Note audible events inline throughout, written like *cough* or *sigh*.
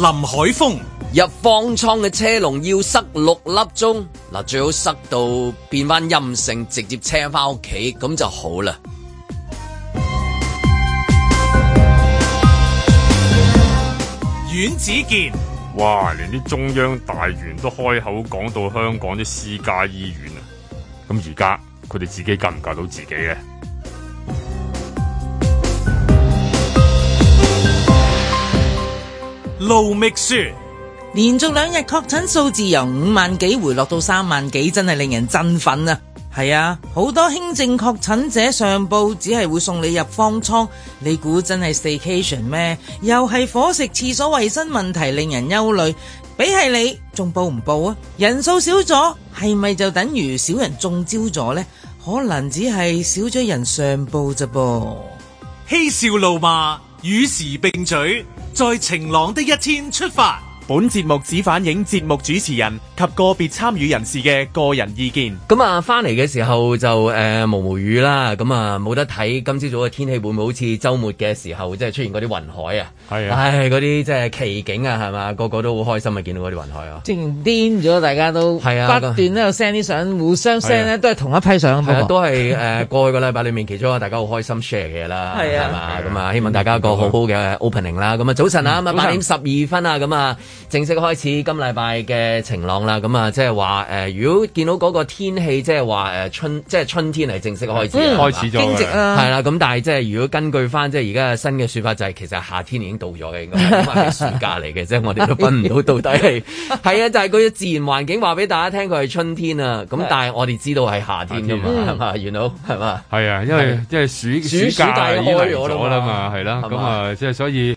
林海峰入方艙嘅車龍要塞六粒鐘嗱，最好塞到變翻陰性，直接車翻屋企咁就好啦。阮子健哇，連啲中央大員都開口講到香港啲私家醫院啊，咁而家佢哋自己救唔救到自己呢？盧覓雪連續兩日確診數字由五萬幾回落到三萬幾，真係令人振奮啊！係啊，好多輕症確診者上報只係會送你入方艙，你估真係 staycation 咩？又係伙食廁所衛生問題令人憂慮。俾係你，仲報唔報啊？人數少咗，係咪就等於少人中招咗呢？可能只係少咗人上報咋噃？嬉笑怒罵與時並舉。在晴朗的一天出發。本節目只反映節目主持人及個別參與人士嘅個人意見。咁啊，翻嚟嘅時候就誒毛毛雨啦。咁啊，冇得睇今朝早嘅天氣會唔會好似周末嘅時候，即係出現嗰啲雲海啊？係啊！唉，嗰啲即係奇景啊，係嘛，個個都好開心啊，見到嗰啲雲海啊，正癲咗，大家都係啊，不斷都有 send 啲相，互相 send 呢、啊、都係同一批相、啊，啊、都係誒、呃、 *laughs* 過去個禮拜裏面，其中啊大家好開心 share 嘢啦，係啊，係嘛、啊，咁啊，啊，啊，希望大家一個好好嘅 opening 啦。咁啊、嗯，早晨啊，咁啊，八點十二分啊，咁、嗯、啊。正式開始今禮拜嘅晴朗啦，咁啊，即係話誒，如果見到嗰個天氣，即係話誒春，即係春天係正式開始，就是呃就是就是、開始咗，係、嗯、啦。咁、啊、但係即係如果根據翻即係而家新嘅説法，就係、是、其實夏天已經到咗嘅，應該暑假嚟嘅，即 *laughs* 係我哋都分唔到到底係係啊。就係、是、佢自然環境話俾大家聽，佢係春天啊。咁但係我哋知道係夏天㗎嘛，係嘛？元老係嘛？係啊、嗯，因為即係暑暑假已經嚟咗啦嘛，係啦。咁啊，即係所以。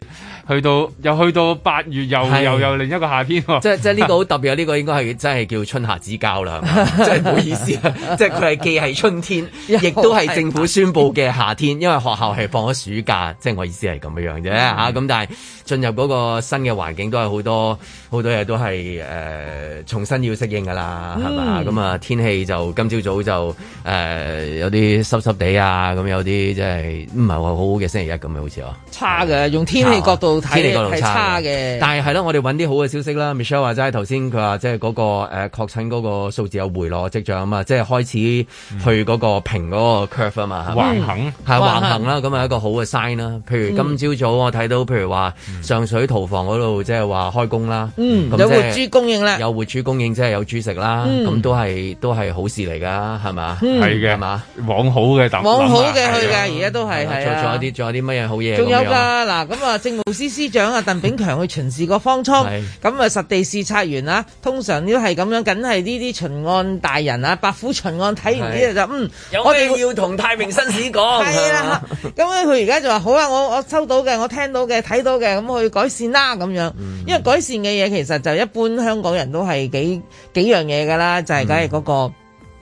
去到又去到八月，又又又另一個夏天喎、啊。 *laughs* 即係呢個好特別啊！呢、這個應該係真係叫春夏之交啦，即 *laughs* 真係唔好意思， *laughs* 即係佢係既係春天， *laughs* 亦都係政府宣布嘅夏天，因為學校係放咗暑假。 *laughs* 即係我意思係咁樣啫，吓、嗯、咁、啊、但係進入嗰個新嘅環境都係好多好多嘢都係誒、呃、重新要適應噶啦，係、嗯、嘛？咁啊、嗯、天氣就今朝早，早就誒、呃、有啲濕濕哋啊，咁有啲即係唔係話好好嘅星期一咁樣好似哦，差嘅、嗯、用天氣角度。睇你個路差嘅，但係呢，我哋揾啲好嘅消息啦。Michelle 話齋係頭先佢話，即係嗰個誒確診嗰個數字有回落跡象啊嘛，即係開始去嗰個平嗰個 curve 啊、嗯、嘛，橫行係橫行啦，咁係一個好嘅 sign 啦。譬如今朝早我睇到，譬如話上水屠房嗰度即係話開工啦，嗯、有活豬供應啦，嗯就是、有活豬供應即係、就是、有豬食啦，咁、嗯、都係都係好事嚟噶，係嘛？係、嗯、嘅，係嘛？往好嘅諗，往好嘅去嘅，而家都係係做咗啲，做咗啲乜嘢好嘢？仲有㗎嗱，咁啊，司司長啊，鄧炳強去巡視個方艙，咁啊實地視察完啦，通常都係咁樣，梗係呢啲巡案大人啊，白虎巡案睇完之後就嗯，我哋要同太平紳士講。係 *laughs* 啦，咁咧佢而家就話好啊，我我收到嘅，我聽到嘅，睇到嘅，咁我去改善啦，咁樣、嗯，因為改善嘅嘢其實就一般香港人都係幾幾樣嘢噶啦，就係梗係嗰個。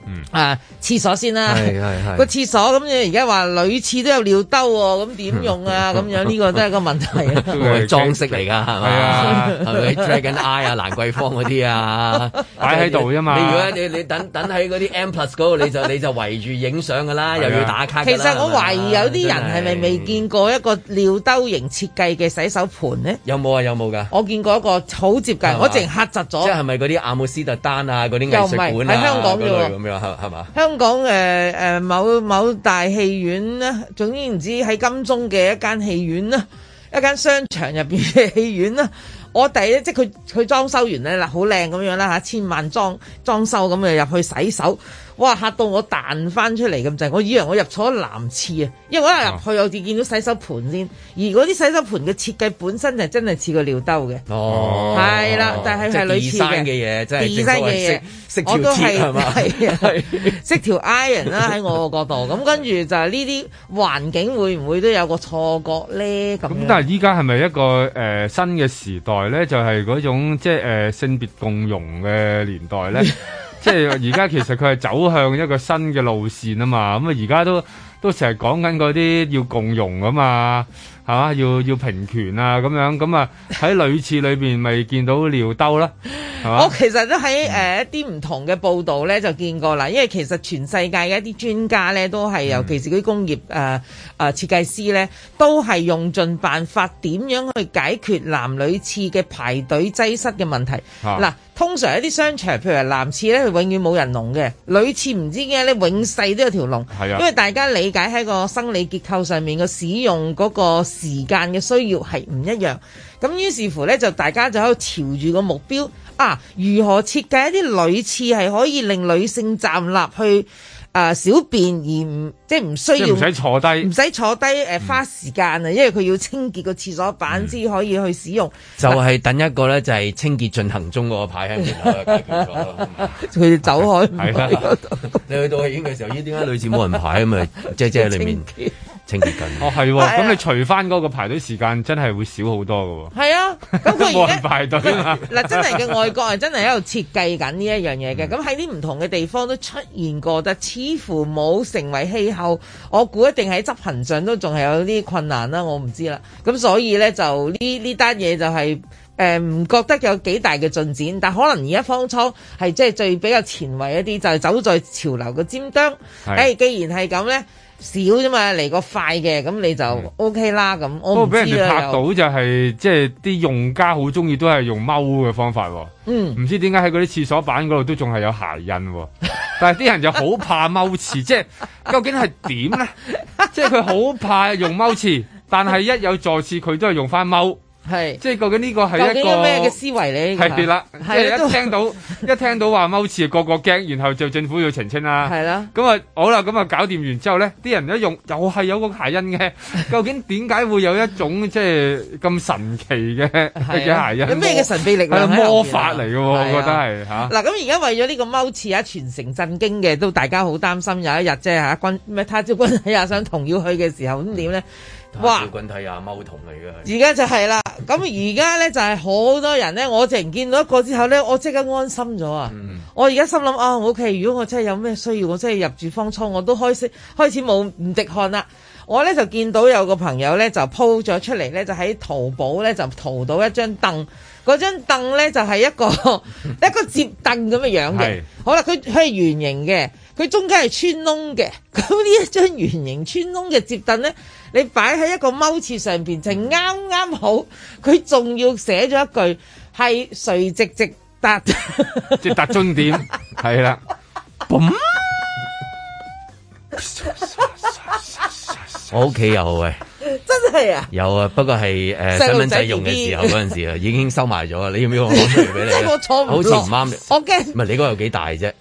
嗯、啊！廁所先啦，個 *laughs* 廁所咁你而家話女廁都有尿兜喎、哦，咁點用啊？咁 *laughs* 樣呢、呢個都係一個問題、啊。 *laughs* 裝飾嚟㗎，係 *laughs* 咪是吧？係 *laughs* 啊，係咪 Dragon-i 啊蘭桂坊嗰啲啊？擺喺度啫嘛。你如果你你等等喺嗰啲 M plus 嗰度，你就你就圍住影相㗎啦， *laughs* 又要打卡。其實我懷疑有啲人係咪未見過一個尿兜型設計嘅洗手盤呢？有冇啊？有冇㗎？我見過一個好接近，我淨黑窒咗。即係咪嗰啲阿姆斯特丹啊嗰啲藝術館啊嗰、啊、類咁樣？係嘛？香港誒、誒、呃、某某大戲院咧，總言之喺金鐘嘅一間戲院啦，一間商場入邊嘅戲院啦。我第一即係佢佢裝修完咧啦，好靚咁樣啦嚇，千萬裝裝修咁樣入去洗手。哇！嚇到我彈翻出嚟咁滯，我以為我入錯咗男廁啊，因為我一入去又見到洗手盤先，而嗰啲洗手盤嘅設計本身就真係似個尿兜嘅，係、哦、啦，但係係類似嘅。嘢，生嘅嘢，野生嘅嘢，識條黐係嘛？係啊，識條 Iron 啦喺我個角度，咁跟住就係呢啲環境會唔會都有個錯覺咧？咁咁但係依家係咪一個誒、呃、新嘅時代咧？就係、是、嗰種即係誒性別共融嘅年代咧？ *laughs* *laughs* 即係而家其實佢係走向一個新嘅路線啊嘛，咁啊而家都都成日講緊嗰啲要共融啊嘛，係嘛，要要平權啊咁樣，咁啊喺女廁裏面咪見到尿兜啦，係嘛？ *laughs* 我其實都喺誒一啲唔同嘅報道咧就見過啦，因為其實全世界嘅一啲專家咧都係，尤其是嗰啲工業誒誒、呃、設計師咧，都係用盡辦法點樣去解決男女廁嘅排隊擠塞嘅問題。嗱。 *laughs* 通常一啲商場，譬如男廁咧，佢永遠冇人龍嘅；女廁唔知點解咧，永世都有條龍。係啊，因為大家理解喺個生理結構上面嘅使用嗰個時間嘅需要係唔一樣。咁於是乎咧，就大家就喺度朝住個目標啊，如何設計一啲女廁係可以令女性站立去誒、呃，小便而唔即係唔需要，唔使坐低，唔使坐低誒、呃，花時間啊，嗯、因為佢要清潔個廁所板先、嗯、可以去使用。就係、是、等一個咧，就係、是、清潔進行中嗰個牌喺度啦，佢 *laughs* 走開。係 *laughs* 啦、啊，你去到戲院嘅時候，咦？點解類似冇人排啊？嘛即係即係裏面。清清 *laughs* 哦，係喎、啊，咁、啊、你除翻嗰個排隊時間，真係會少好多噶喎。係啊，咁佢而家冇人排隊啊嘛。嗱， *laughs* *laughs* 真係嘅外國人真係喺度設計緊呢一樣嘢嘅。咁喺啲唔同嘅地方都出現過，但似乎冇成為氣候。我估一定喺執行上都仲係有啲困難啦。我唔知啦。咁所以咧，就呢呢單嘢就係、是、誒，唔、呃、覺得有幾大嘅進展。但可能而家方艙係即係最比較前衛一啲，就係、是、走在潮流嘅尖端。誒、啊欸，既然係咁咧。少啫嘛，嚟個快嘅，咁你就 OK 啦。咁、嗯、我畀人哋拍到就係，即係啲用家好中意，都係用踎嘅方法。嗯，唔知點解喺嗰啲廁所板嗰度都仲係有鞋印。 *laughs* 但係啲人就好怕踎廁， *laughs* 即係究竟係點咧？即係佢好怕用踎廁， *laughs* 但係一有坐廁佢都係用翻踎。係，即係究竟呢個係一個咩嘅思維嚟？係啦，係一聽到一聽到話踎刺， *laughs* 個個驚，然後就政府要澄清啦。係啦，咁啊好啦，咁啊搞掂完之後咧，啲人一用又係有個鞋印嘅， *laughs* 究竟點解會有一種即係咁神奇嘅嘅鞋印？有咩嘅神秘力量係魔法嚟嘅喎，我覺得係嚇嗱，咁而家為咗呢個踎刺啊，全城震驚嘅，都大家好擔心有一日即係嚇君，咩他朝君體也相同要去嘅時候點咧？看看哇！小啊，嚟而家就係啦。咁而家咧就係好多人咧， *laughs* 我淨見到一個之後咧，我即刻安心咗、嗯、啊！我而家心諗啊，O K，如果我真係有咩需要，我真係入住方艙，我都開始開始冇唔直看啦。我咧就見到有個朋友咧就鋪咗出嚟咧，就喺淘寶咧就淘到一張凳，嗰張凳咧就係、是、一個 *laughs* 一個折凳咁嘅樣嘅。好啦，佢佢係圓形嘅。佢中間係穿窿嘅，咁呢一張圓形穿窿嘅摺凳咧，你擺喺一個踎廁上邊就啱啱好。佢仲要寫咗一句係垂直直達，直達終點，係 *laughs* 啦對了。 *laughs* 我屋企有喂、啊，真係啊，有啊，不過係誒細蚊仔用嘅時候嗰陣 *laughs* 時啊，已經收埋咗啊。你要唔要我攞出嚟俾你 *laughs* 我？我坐好似唔啱。我驚唔係你嗰個有幾大啫？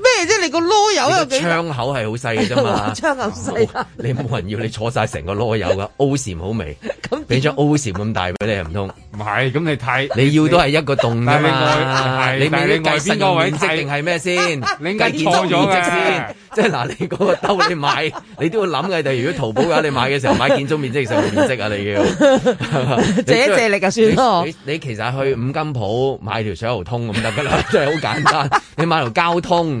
咩啫？你個籮柚有幾？窗口係好細嘅啫嘛，窗口好細、哦、你冇人要你坐晒成個籮柚噶，O 字好味。咁俾張 O 字咁大俾你，唔通？唔係，咁你睇你要都係一個洞啫嘛。你咪計建築面積定係咩先？你計錯咗先。即係嗱，你嗰個兜你買，你都要諗嘅。但如果淘寶嘅話，你買嘅時候買建築面積定係面積啊？你要？借一借力就算。你其實去五金鋪買條水喉通咁得噶啦，即係好簡單。你買條膠通。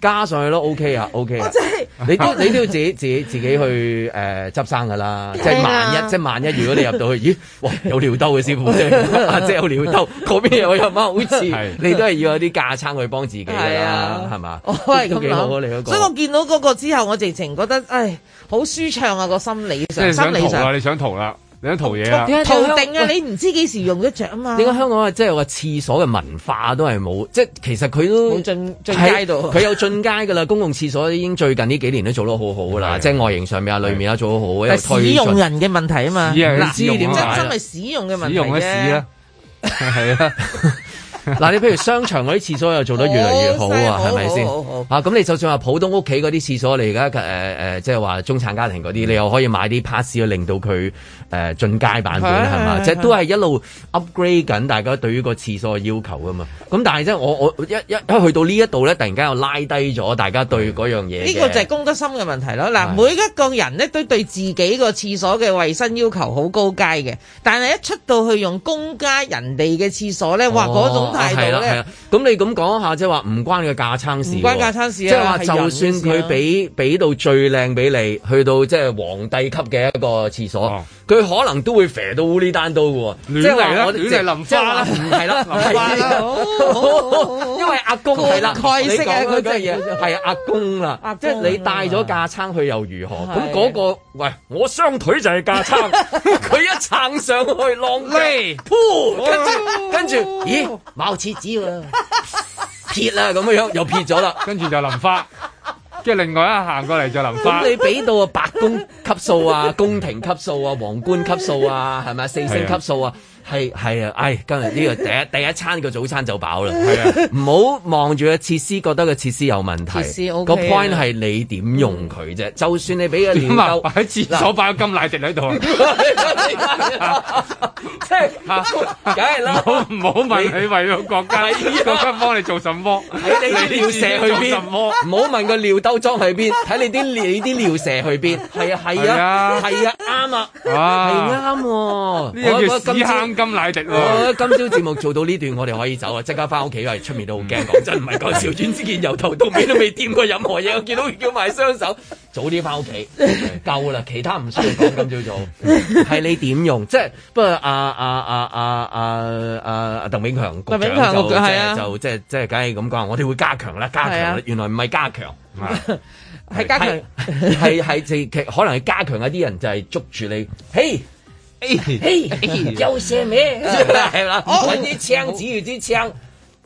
加上去咯，OK 啊，OK 啊。即係你都你都要自己自己自己去誒、呃、執生噶啦，即係萬一即係 *laughs* 萬一如果你入到去，咦？哇！有尿兜嘅師傅，即 *laughs* 係、啊、有尿兜嗰邊我又有乜好似？你都係要有啲架撐去幫自己啦，係嘛、啊？哦，係咁幾好你嗰、那個、所以我見到嗰個之後我直情覺得，唉，好舒暢啊！那個心理上，啊、心理上你想逃啦。你想兩套嘢啊！偷定啊！你唔知幾時用得着啊嘛？點解香港啊，即、就、係、是、有個廁所嘅文化都係冇，即、就是、其實佢都進進街度，佢有進階噶啦。 *laughs* 公共廁所已經最近呢幾年都做得好好噶啦，即、嗯、係、就是、外形上裡面啊、裏面啊做得好，推但使用人嘅問題啊嘛。使知點啫？真係使用嘅問題使用嘅屎啊！係啊！啦嗱， *laughs* 你譬如商場嗰啲廁所又做得越嚟越好啊，係咪先？啊，咁你就算話普通屋企嗰啲廁所，你而家誒誒，即係話中產家庭嗰啲、嗯，你又可以買啲 pass 令到佢誒進階版本係嘛？即係、啊啊啊就係、都係一路 upgrade 緊，大家對於個廁所嘅要求㗎嘛。咁但係真係我我一一一去到呢一度咧，突然間又拉低咗大家對嗰樣嘢。呢、呢個就係公德心嘅問題咯。嗱、啊，每一個人咧都對自己個廁所嘅衛生要求好高階嘅，但係一出到去用公家人哋嘅廁所咧，哇，嗰種、哦、～係啦，係啦，咁你咁講下，即、就、係、是、話唔關個架撐事，唔關架撐事，即係話就算佢俾俾到最靚俾你，去到即係皇帝級嘅一個廁所，佢、oh. 可能都會肥到烏哩單刀嘅喎，亂嚟，啦，亂嚟淋花啦，係啦，淋花啦，因為阿公係啦，蓋式嘅嗰隻嘢，係、啊就是、阿公啦，即係、就是、你帶咗架撐去又如何？咁嗰、那個喂，我雙腿就係架撐，佢 *laughs* 一撐上去，浪力，噗，跟住，咦？爆切紙喎，撇啦咁樣樣又撇咗啦，跟住就淋花，即係另外一行過嚟就淋花。咁你俾到啊，白宮級數啊，宮廷級數啊，皇冠級數啊，係咪四星級數啊？係係啊！哎，今日呢個第一第一餐個早餐就飽啦，係啊！唔好望住個設施，覺得個設施有問題。設施、okay、個 point 係你點用佢啫？就算你俾個尿兜喺廁所擺個金奶迪喺度，即係梗係啦。唔好唔好問佢為咗國家、啊，國家幫你做什麼？哎、你蛇你尿射去邊？唔好問個尿兜裝去邊，睇 *laughs* 你啲尿你啲尿射去邊？係啊係啊係啊，啱啊，係啱喎。呢個叫金乃迪、啊、 *laughs* 今朝節目做到呢段，我哋可以走啊！即刻翻屋企，因為出面都好驚。講真，唔係講笑。遠之見由頭到尾都未掂過任何嘢，我見到佢叫埋雙手，早啲翻屋企夠啦！其他唔需要講，今朝早係 *laughs* 你點用？即係不過啊啊啊阿阿阿鄧炳強局長就即係 *laughs* 就即係即係梗係咁講，我哋會加強啦，加強、啊、原來唔係加強，係 *laughs* 加強，係 *laughs* 可能係加強一啲人就係捉住你，嘿、 *laughs* hey,！嘿、hey, hey, hey. *laughs* 什麼，有射咩？係啦，揾啲槍指住支槍，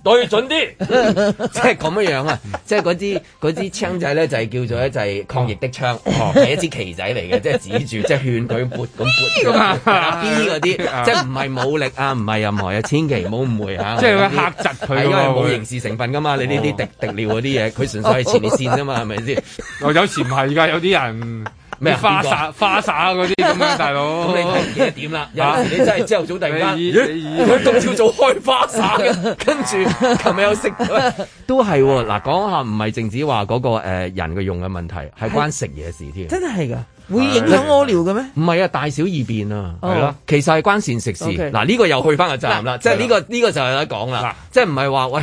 對準啲一，即係咁樣樣啊！即係嗰支嗰支槍仔咧，就係叫做咧，就係抗疫的槍，哦，係一支旗仔嚟嘅，就是就是 *laughs* *laughs* 就是，即係指住，即係勸佢撥咁撥咁，B 嗰啲，即係唔係武力啊，唔係任何嘢，千祈唔好誤會啊。即係吓窒佢，係因為冇刑事成分噶嘛，你呢啲滴滴尿嗰啲嘢，佢純粹係前列腺啊嘛，係咪先？哦，哦是是我有時唔係噶，有啲人。咩花灑、花灑嗰啲咁樣 *laughs* 大佬，咁你睇唔知係點啦？你真係朝頭早第二間，佢今朝早開花灑嘅， *laughs* 跟住琴日又食都係喎、哦。嗱、啊，講下唔係淨止話嗰個、呃、人嘅用嘅問題，係關食嘢事添。真係噶，會影響屙尿嘅咩？唔係啊，大小二便啊，係、哦、咯。其實係關膳食事。嗱、okay. 啊，呢、這個又去翻個責任啦，即係呢、這個呢、這個就係喺講啦，即係唔係話喂。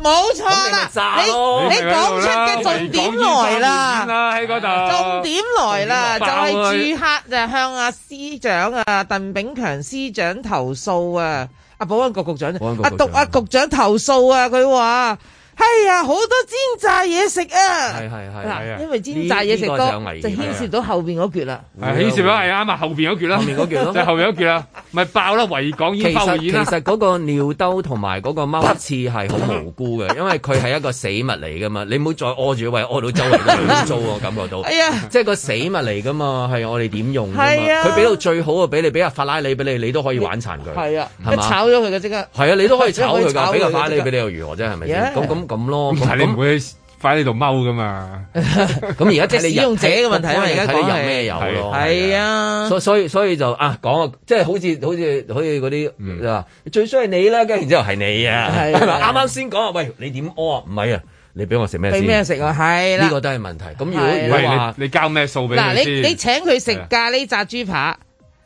冇錯啦，你你講出嘅重點來啦，重點來啦，就係住客就向阿司長啊，鄧炳強司長投訴啊，阿保安局局長啊，督、啊、阿、啊啊啊、局長投訴啊，佢話。係啊，好多煎炸嘢食啊，係係係，係啊，因為煎炸嘢食多，這個，就牽涉到後邊嗰橛啦，牽、啊、涉到係啊，後邊嗰橛咯，後面嗰橛咯，後邊嗰橛啦，咪 *laughs* *laughs* 爆啦，維港煙其實嗰個尿兜同埋嗰個貓刺係好無辜嘅，因為佢係一個死物嚟噶嘛，你唔好再屙住喂，屙到周圍都污糟啊，感覺到。係 *laughs* 啊、哎，即、就、係、是、個死物嚟噶嘛，係我哋點用嘛？係啊，佢俾到最好啊，俾你俾阿法拉利俾你，你都可以玩殘佢。係啊，係嘛？炒咗佢嘅即刻。係啊，你都可以炒佢噶，俾個法拉利俾你又如何啫？係咪先？咁咁。咁咯，咁你唔會喺喺呢度踎噶嘛？咁而家即係使用者嘅問題啊！因為而家講有咩有咯？係啊，所所以所以就啊講啊，即係好似好似好似嗰啲啊，最衰係你啦，跟住然之後係你啊，係嘛？啱啱先講啊，喂，你點屙啊？唔係啊，你俾我食咩？俾咩食啊？係啦，呢個都係問題。咁如果你話你交咩數俾佢先？嗱，你你請佢食咖喱炸豬扒，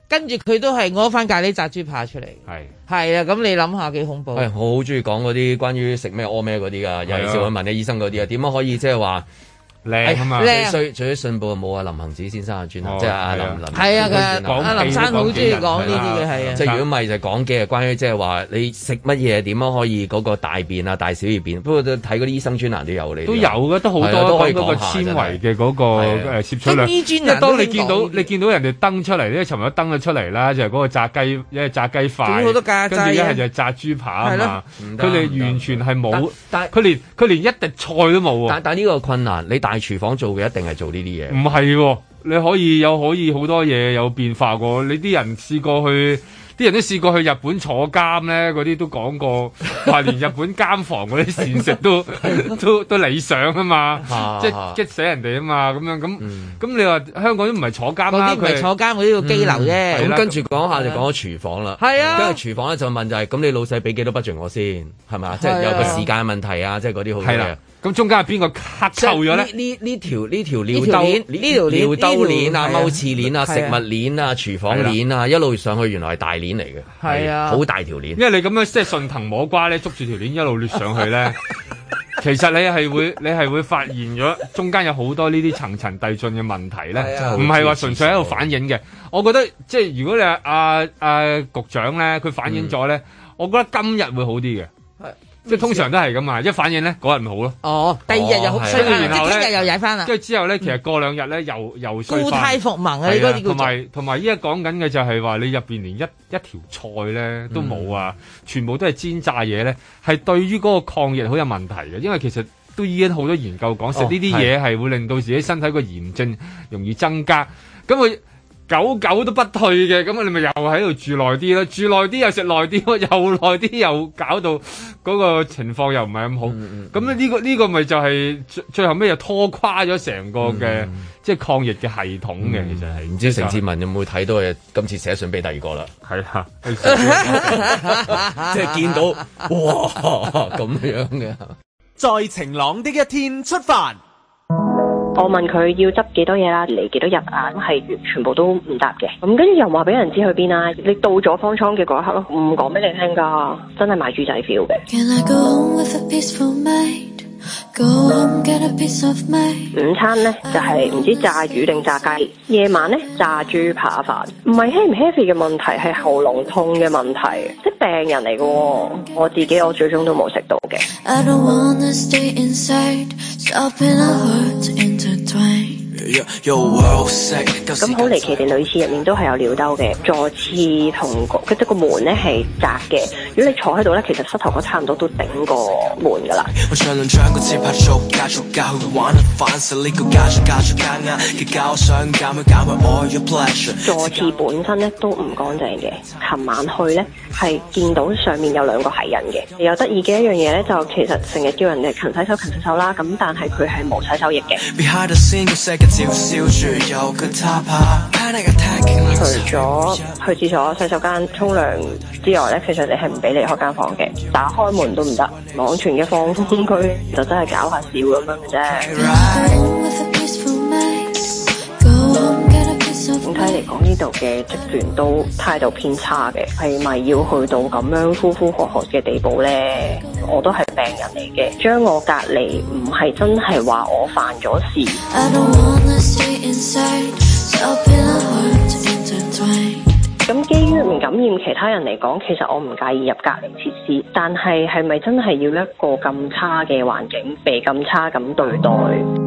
跟住佢都係屙翻咖喱炸豬扒出嚟。係。係啊，咁你諗下幾恐怖？係、哎，我好中意講嗰啲關於食咩屙咩嗰啲㗎，尤其係問啲醫生嗰啲啊，點樣可以即係話？叻，最最、啊、信報啊冇啊林行止先生嘅專欄，即係阿林林，係啊佢阿林生好中意講呢啲嘅係啊。即係、啊啊啊啊啊啊、如果唔係就講嘅係關於即係話你食乜嘢點樣可以嗰、嗰個大便啊大小便。不過睇嗰啲醫生專欄都有你。都有嘅，都好多、啊、都可以講下纖維。即係、啊嗯、當你見到你見到，你見到人哋登出嚟咧，尋日登咗出嚟啦，就係、是、嗰個炸雞炸雞飯，好多咖喱，一係就係炸豬扒佢哋完全係冇，但佢連佢連一滴菜都冇啊！但呢個困難，你大喺廚房做嘅一定係做呢啲嘢，唔係、啊，你可以有可以好多嘢有變化過你啲人試過去，啲人都試過去日本坐監咧，嗰啲都講過，話 *laughs* 連日本監房嗰啲膳食都 *laughs* 都 *laughs* 都，都理想噶嘛，即 *laughs* 激、就是、死人哋啊嘛，咁樣咁咁、嗯、你話香港都唔係坐監啦，嗰啲唔係坐監，嗰啲、嗯、要拘留啫。咁跟住講下就講咗廚房啦，係啊，跟住、啊、廚房咧就問就係、是，咁你老細俾幾多 budget 我先，係咪、啊？即係有個時間問題啊，即係嗰啲好咁中間係邊個卡收咗咧？呢呢呢條呢條尿兜條鏈、呢條尿，尿，尿兜鏈啊、踎、啊、廁鏈啊、啊、食物鏈啊、廚房鏈啊，啊一路上去原來係大鏈嚟嘅，係啊，好、啊、大條鏈。因為你咁樣即係順藤摸瓜咧，捉住條鏈一路上去咧， *laughs* 其實你係會你係會發現咗中間有好多呢啲層層遞進嘅問題咧，唔係話純粹喺度反映嘅、啊。我覺得即係如果你阿阿、啊啊、局長咧，佢反映咗咧、嗯，我覺得今日會好啲嘅。即通常都係咁啊！一反應咧，嗰日唔好咯。哦，第二日又好衰啦，即係聽日又踩翻啦。跟住之後咧，其實過兩日咧、嗯，又又故態復萌啊！你嗰段同埋同埋依家講緊嘅就係話，你入面連一一條菜咧都冇啊、嗯！全部都係煎炸嘢咧，係對於嗰個抗疫好有問題嘅。因為其實都已經好多研究講，食呢啲嘢係會令到自己身體個炎症容易增加。咁佢久久都不退嘅，咁啊你咪又喺度住耐啲啦，住耐啲又食耐啲，又耐啲又搞到嗰個情況又唔係咁好。咁、嗯、呢、嗯這個呢、這個咪就係最後尾又拖垮咗成個嘅、嗯、即係抗疫嘅系統嘅、嗯，其實係。唔、嗯、知成志文有冇睇到嘅，今次寫信俾第二個啦，係啦、啊，即 *laughs* 係見到 *laughs* 哇咁樣嘅，在晴朗的一天出發。我問佢要執幾多嘢啦，嚟幾多日啊，咁係全部都唔答嘅。咁跟住又話俾人知去邊啊？你到咗方艙嘅嗰一刻咯，唔講俾你聽㗎，真係賣豬仔 feel 嘅。午餐呢就係、是、唔知炸魚定炸雞，夜晚呢炸豬扒飯，唔係 heavy 唔 heavy 嘅問題，係喉嚨痛嘅問題，即病人嚟嘅、哦。我自己我最終都冇食到嘅。 *music* 咁好離奇地，女廁入面都係有尿兜嘅，坐廁同個即係個門咧係窄嘅。如果你坐喺度咧，其實膝頭哥差唔多都頂過門噶啦。 *music* 坐廁本身咧都唔乾淨嘅。琴晚去咧係見到上面有兩個係人嘅。有得意嘅一樣嘢咧，就其實成日叫人哋勤，勤洗手、勤洗手啦。咁但係佢係冇洗手液嘅。 *music* 除咗去廁所、洗手間、沖涼之外咧，其實你係唔俾離開間房嘅，打開門都唔得。網傳嘅放風區就真係搞下笑咁樣嘅啫。講呢度嘅職員都態度偏差嘅，係咪要去到咁樣呼呼喝喝嘅地步呢？我都係病人嚟嘅，將我隔離唔係真係話我犯咗事。咁基於唔感染其他人嚟講，其實我唔介意入隔離設施，但係係咪真係要一個咁差嘅環境，被咁差咁對待？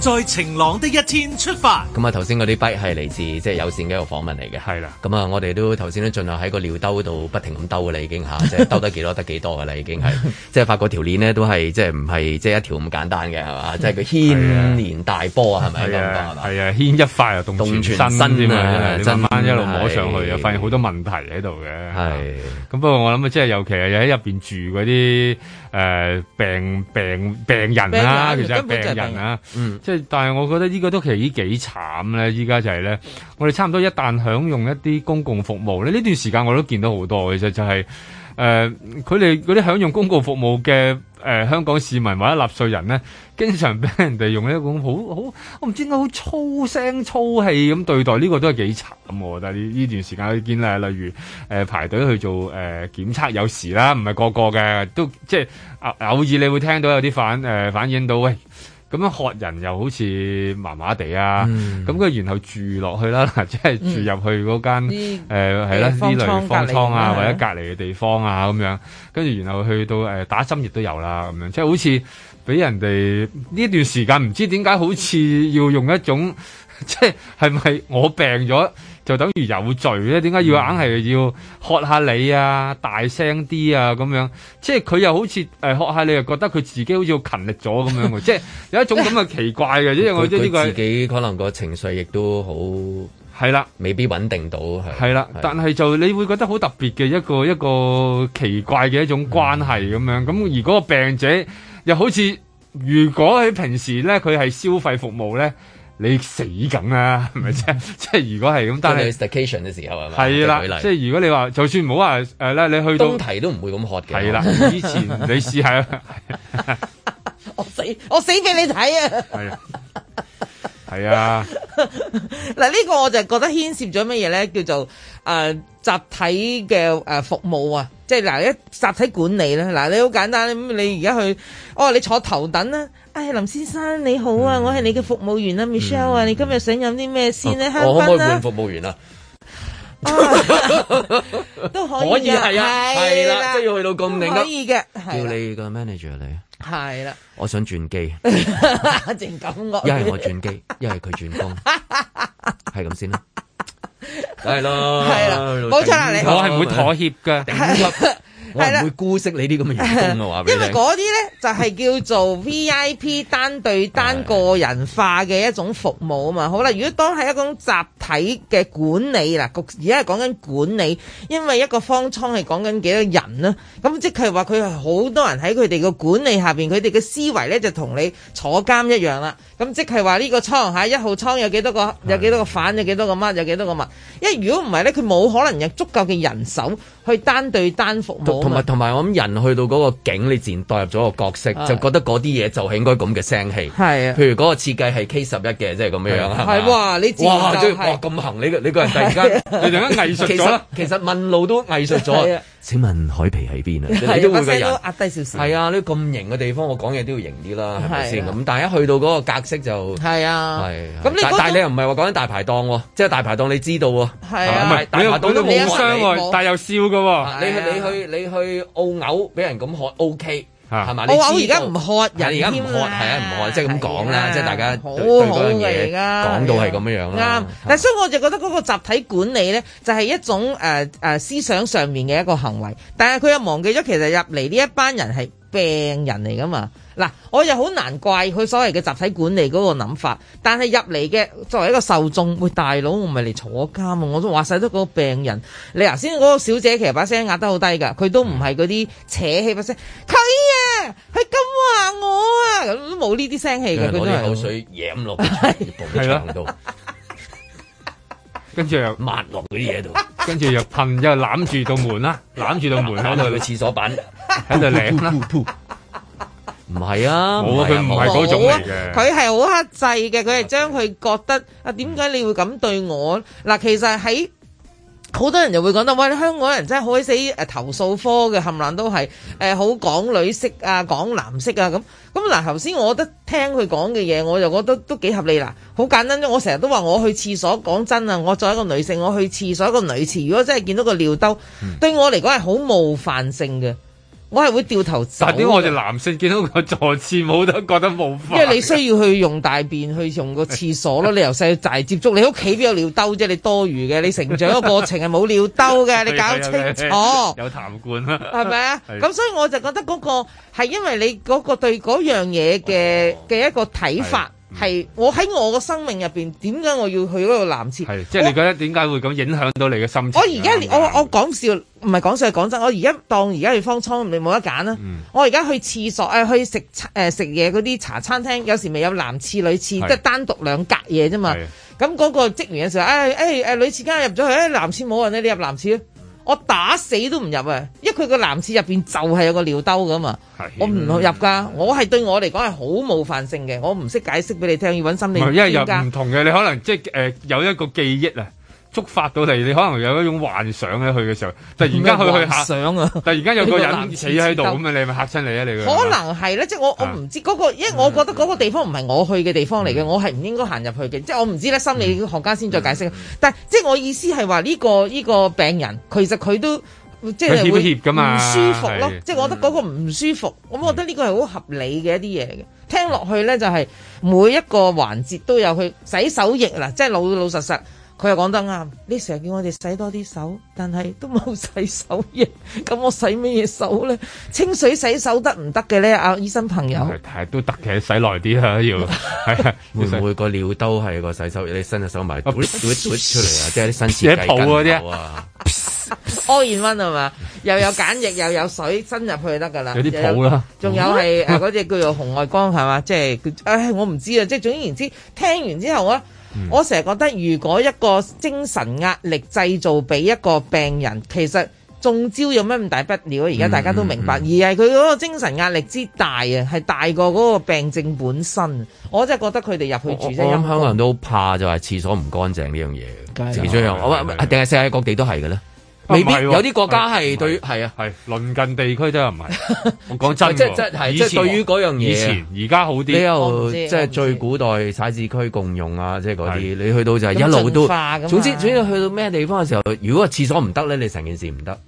在晴朗的一天出發。咁啊，頭先嗰啲幣係嚟自即係有線嘅一個訪問嚟嘅，係啦。咁啊，我哋都頭先都盡量喺個尿兜度不停咁兜啦，你已經吓，即 *laughs* 係兜幾 *laughs* 得幾多得幾多噶啦，你已經係。 *laughs* 即係發覺條鏈呢都係即係唔係即係一條咁簡單嘅，係嘛？即係佢牽連大波啊，係咪係啊，牽一塊又動全身真係，慢慢一路摸上去又發現好多問題喺度嘅。係。咁不過我諗即係尤其係喺入邊住嗰啲。誒、呃、病病病人啦、啊，其實係病人嗯即係但係，我覺得依個都其實已經幾慘咧。依、嗯、家就係咧，我哋差唔多一旦享用一啲公共服務咧，呢段時間我都見到好多，其實就係、是。誒、呃，佢哋嗰啲享用公共服務嘅誒、呃、香港市民或者納稅人咧，經常俾人哋用一種好好我唔知點解好粗聲粗氣咁對待呢，呢個都係幾慘。我覺得呢呢段時間見咧，例如誒、呃、排隊去做誒、呃、檢測有時啦，唔係個個嘅，都即係偶爾你會聽到有啲反誒、呃、反映到喂。咁樣學人又好似麻麻地啊，咁、嗯、佢然後住落去啦，即係住入去嗰間誒係啦，呢、嗯呃、類方艙啊或者隔離嘅地方啊咁樣，跟住然後去到打針亦都有啦，咁樣即係好似俾人哋呢段時間唔知點解好似要用一種，即係係咪我病咗？就等於有罪咧？點解要硬係要學下你啊？大聲啲啊咁樣，即係佢又好似學下你，又覺得佢自己好似要勤力咗咁 *laughs* 樣喎。即係有一種咁嘅奇怪嘅， *laughs* 因為我覺得呢個自己可能個情緒亦都好係啦，未必穩定到係。係啦，但係就你會覺得好特別嘅一個一個奇怪嘅一種關係咁樣。咁 *laughs* 而嗰個病者又好似，如果喺平時咧，佢係消費服務咧。你死梗啊，係咪先？即係如果係咁，但係去 station 嘅時候係咪？係啦，即係如果你話，就算唔好話誒咧，你去東堤都唔會咁渴嘅。係啦， *laughs* 以前你試下 *laughs* *laughs* *laughs* ，我死我死俾你睇啊！係 *laughs* *laughs* 啊，係啊。嗱 *laughs* 呢、這個我就覺得牽涉咗乜嘢咧？叫做誒。呃集體嘅誒服務啊，即係嗱一集體管理咧，嗱你好簡單你而家去哦，你坐頭等啊。哎林先生你好、嗯你嗯、Michelle，你啊，啊，我係你嘅服務員啊 Michelle 啊，你今日想飲啲咩先咧，香檳啦，我可唔可以換服務員啊？啊 *laughs* 都可以，係啊，係啦，都要去到咁定咯，可以嘅，叫你個 manager 嚟啊，係啦，我想轉機，淨咁惡，一係我轉機，一係佢轉工，係 *laughs* 咁先啦。係 *laughs* 咯對了，係 *laughs* 啦，冇錯啦，你我係唔會妥協噶。係啦，會姑息你啲咁嘅員工因為嗰啲呢，就係、是、叫做 VIP 單對單個人化嘅一種服務啊嘛。好啦，如果當係一種集體嘅管理啦，而家係講緊管理，因為一個方倉係講緊幾多人啦。咁即係話佢係好多人喺佢哋嘅管理下邊，佢哋嘅思維呢，就同你坐監一樣啦。咁即係話呢個倉吓，一號倉有幾多個？有幾多個反？有幾多個乜？有幾多個物？因為如果唔係呢佢冇可能有足夠嘅人手。去單對單服務同埋同埋我諗人去到嗰個景，你自然代入咗個角色，就覺得嗰啲嘢就係應該咁嘅聲氣。係啊，譬如嗰個設計係 K 十一嘅，即係咁樣樣啦。係、就係、哇，你哇即係咁行，你個你個人突然間突然間藝術咗啦。其實問路 *laughs* 都藝術咗。請問海皮喺邊啊？你都咁嘅人，都壓低少少。係啊，呢咁型嘅地方，我講嘢都要型啲啦，係咪先？咁但係一去到嗰個格式就係啊，係。咁但係你又唔係話講緊大排檔喎，即、就、係、是、大排檔你知道喎，係啊，係大排檔都冇商喎，但係又笑。啊、你去你去你去澳牛俾人咁喝 OK 係嘛？澳牛而家唔喝人，而家唔喝係啊唔喝，即係咁講啦，即係、就是啊、大家好好嘅而講到係咁樣樣啦、啊啊啊。但係所以我就覺得嗰個集體管理咧，就係、是、一種誒誒、呃呃、思想上面嘅一個行為，但係佢又忘記咗其實入嚟呢一班人係。病人嚟噶嘛？嗱、啊，我又好難怪佢所謂嘅集體管理嗰個諗法，但係入嚟嘅作為一個受眾，喂、哎、大佬，我唔係嚟坐監，我都話晒得嗰個病人。你頭先嗰個小姐其實把聲壓得好低㗎，佢都唔係嗰啲扯氣把聲。佢、嗯、啊，佢咁話我啊，都冇呢啲聲氣。攞啲口水飲落，喺 *laughs* 度場，跟 *laughs* 住又抹落嗰啲嘢度，跟住又噴，又攬住道門啦，攬住道門口度嘅廁所板。喺度舐啦，唔 *laughs* 係是啊，佢唔係嗰種嚟嘅，佢係好克制嘅，佢係將佢覺得啊，點解你會咁對我？嗱，其實喺好多人就會講到，喂，香港人真係好死誒，投訴科嘅冚唪爛都係誒、呃，好講女色啊，講男色啊，咁咁嗱，頭先我覺得聽佢講嘅嘢，我就覺得都幾合理啦。好簡單啫，我成日都話我去廁所，講真啊，我作為一個女性，我去廁所一個女廁，如果真係見到個尿兜，嗯、對我嚟講係好冒犯性嘅。我係會掉頭走，但係點解我哋男性見到個坐廁冇都覺得冇？因為你需要去用大便去用個廁所咯。 *laughs* *laughs* 你由細到大接觸，你屋企邊有尿兜啫？你多餘嘅，你成長嘅過程係冇尿兜嘅，你搞清楚。 *laughs* 有痰罐啦，係咪啊？咁所以我就覺得嗰個係因為你嗰個對嗰樣嘢嘅嘅一個睇法。係，我喺我嘅生命入面，點解我要去嗰個男廁？係，即係你覺得點解會咁影響到你嘅心情？我而家我我講笑，唔係講笑，係講真。我而家當而家去方艙，你冇得揀啦。我而家去廁所，去食食嘢嗰啲茶餐廳，有時咪有男廁女廁，即係單獨兩格嘢啫嘛。咁嗰個職員嘅時候，誒、哎、誒、哎，女廁間入咗去，誒、哎、男廁冇人咧，你入男廁啦。我打死都唔入啊！因為佢個男廁入面就係有個尿兜噶嘛，係，我唔入噶。我係對我嚟講係好冒犯性嘅，我唔識解釋俾你聽，要搵心理因為有唔同嘅，你可能即係、呃、有一個記憶啊。觸發到嚟，你可能有一種幻想喺去嘅時候，突然間去去吓想啊。突然間有個人死喺度咁啊！你咪嚇親你啊！你可能係咧，即我我唔知嗰、啊那個，因為我覺得嗰個地方唔係我去嘅地方嚟嘅、嗯，我係唔應該行入去嘅。即我唔知咧，心理學家先再解釋。嗯嗯、但即我意思係話呢個呢、這個病人，其實佢都即係嘛，唔舒服咯。即我覺得嗰個唔舒服、嗯，我覺得呢個係好合理嘅一啲嘢嘅。聽落去咧，就係、是、每一個環節都有去洗手液嗱，即係老老實實。佢又講得啱，你成日叫我哋洗多啲手，但係都冇洗手液，咁我洗咩嘢手咧？清水洗手得唔得嘅咧？啊，醫生朋友，係都得嘅洗耐啲啦，要係係會唔會個尿兜係個洗手液？你伸隻手埋，嘟嘟嘟出嚟啊！即係啲新潮嘅泡嗰啲啊 All in one 係嘛？又有梘液又有水伸入去得噶啦，有啲泡啦，仲有係誒嗰隻叫做紅外光係嘛？即係佢，唉，我唔知啊！即係總而言之，聽完之後咧。嗯、我成日覺得，如果一個精神壓力製造俾一個病人，其實中招有咩咁大不了？而家大家都明白，嗯嗯嗯、而係佢嗰個精神壓力之大啊，係大過嗰個病症本身。我真係覺得佢哋入去住，我諗香港人都怕就係廁所唔乾淨呢樣嘢。最中意，定係世界各地都係嘅咧。未必有啲國家係對係啊，係、啊、鄰近地區都係唔係？我講真，即即係即係對於嗰樣嘢以前而家好啲，你又即係最古代曬市區共用啊，即係嗰啲你去到就係一路都。化總之總之去到咩地方嘅時候，如果個廁所唔得咧，你成件事唔得。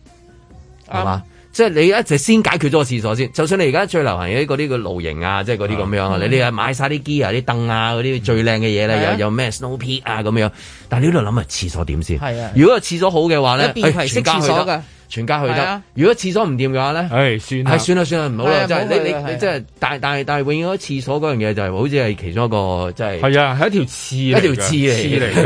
係嘛？即係你一直先解決咗個廁所先，就算你而家最流行啲嗰啲個露營啊，即係嗰啲咁樣啊，你哋係買晒啲機啊、啲凳啊嗰啲最靚嘅嘢咧，又有咩 Snow Peak 啊咁樣，但你呢度諗埋廁所點先。係啊，如果個廁所好嘅話咧，一邊係識廁所全家去得、啊，如果廁所唔掂嘅話咧，係、欸、算係算啦算啦，唔好啦，就係、是、你你你即係但係但係但係，永遠嗰廁所嗰樣嘢就係、是、好似係其中一個即係係啊，係、就是、一條刺嚟嘅，一條刺嚟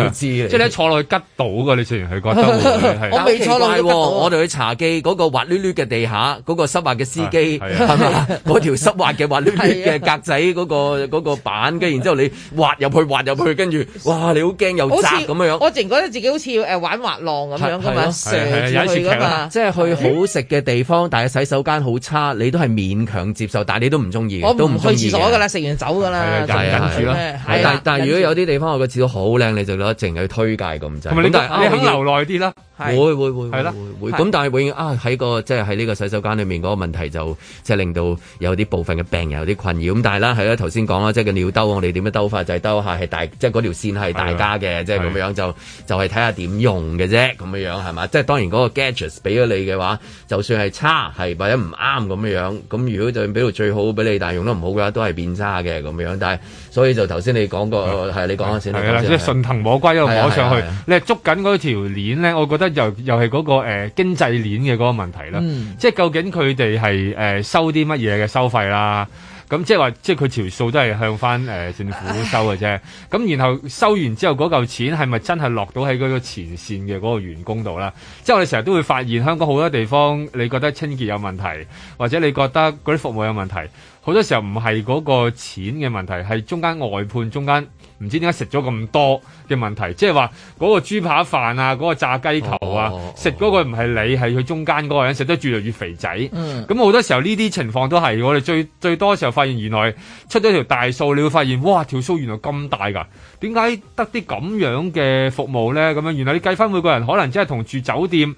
嘅，即係、就是、你坐落去拮到㗎，你自然係覺得我未坐落去。我哋去茶記嗰個滑溜溜嘅地下，嗰、那個濕滑嘅司機係啊，嗰 *laughs* 條濕滑嘅滑溜溜嘅格仔嗰個板嘅，然之後你滑入去滑入去，跟住哇你好驚又窄咁樣樣，我淨係覺得自己好似誒玩滑浪咁樣咁啊，即係去好食嘅地方，但係洗手間好差，你都係勉強接受，但係你都唔中意嘅都唔去廁所㗎啦，食完走㗎啦，住但係但係如果有啲地方我個廁所好靚，你就攞淨去推介咁滯。咁但係、啊、你肯留耐啲啦，會會會係會咁但係永遠啊喺個即係喺呢個洗手間裏面嗰個問題就即係令到有啲部分嘅病人有啲困擾。咁但係啦係啦頭先講啦，即係個尿兜我哋點樣兜法就係、係、兜下係大即係嗰條線係大家嘅，即係咁樣就就係睇下點用嘅啫咁樣樣係嘛？即係當然嗰個你嘅話，就算係差，係或者唔啱咁嘅樣，咁如果就俾到最好俾你，但係用得唔好嘅話，都係變差嘅咁嘅樣。但係所以就頭先你講個係你講下先，係啦，即係順藤摸瓜一路摸上去，你係捉緊嗰條鏈咧。我覺得又又係嗰、嗰個誒、呃、經濟鏈嘅嗰個問題啦、嗯。即係究竟佢哋係誒收啲乜嘢嘅收費啦？咁即係話，即係佢條數都係向翻誒、呃、政府收嘅啫。咁然後收完之後，嗰嚿錢係咪真係落到喺嗰個前線嘅嗰個員工度啦？即係我哋成日都會發現，香港好多地方你覺得清潔有問題，或者你覺得嗰啲服務有問題。好多時候唔係嗰個錢嘅問題，係中間外判中間唔知點解食咗咁多嘅問題，即係話嗰個豬扒飯啊，嗰、嗰個炸雞球啊，哦哦、食嗰個唔係你，係佢中間嗰個人食得住就越，越肥仔。咁、嗯、好多時候呢啲情況都係我哋最最多時候發現原來出咗條大數，你會發現哇條、這個、數原來咁大㗎，點解得啲咁樣嘅服務咧？咁樣原來你計翻每個人可能真係同住酒店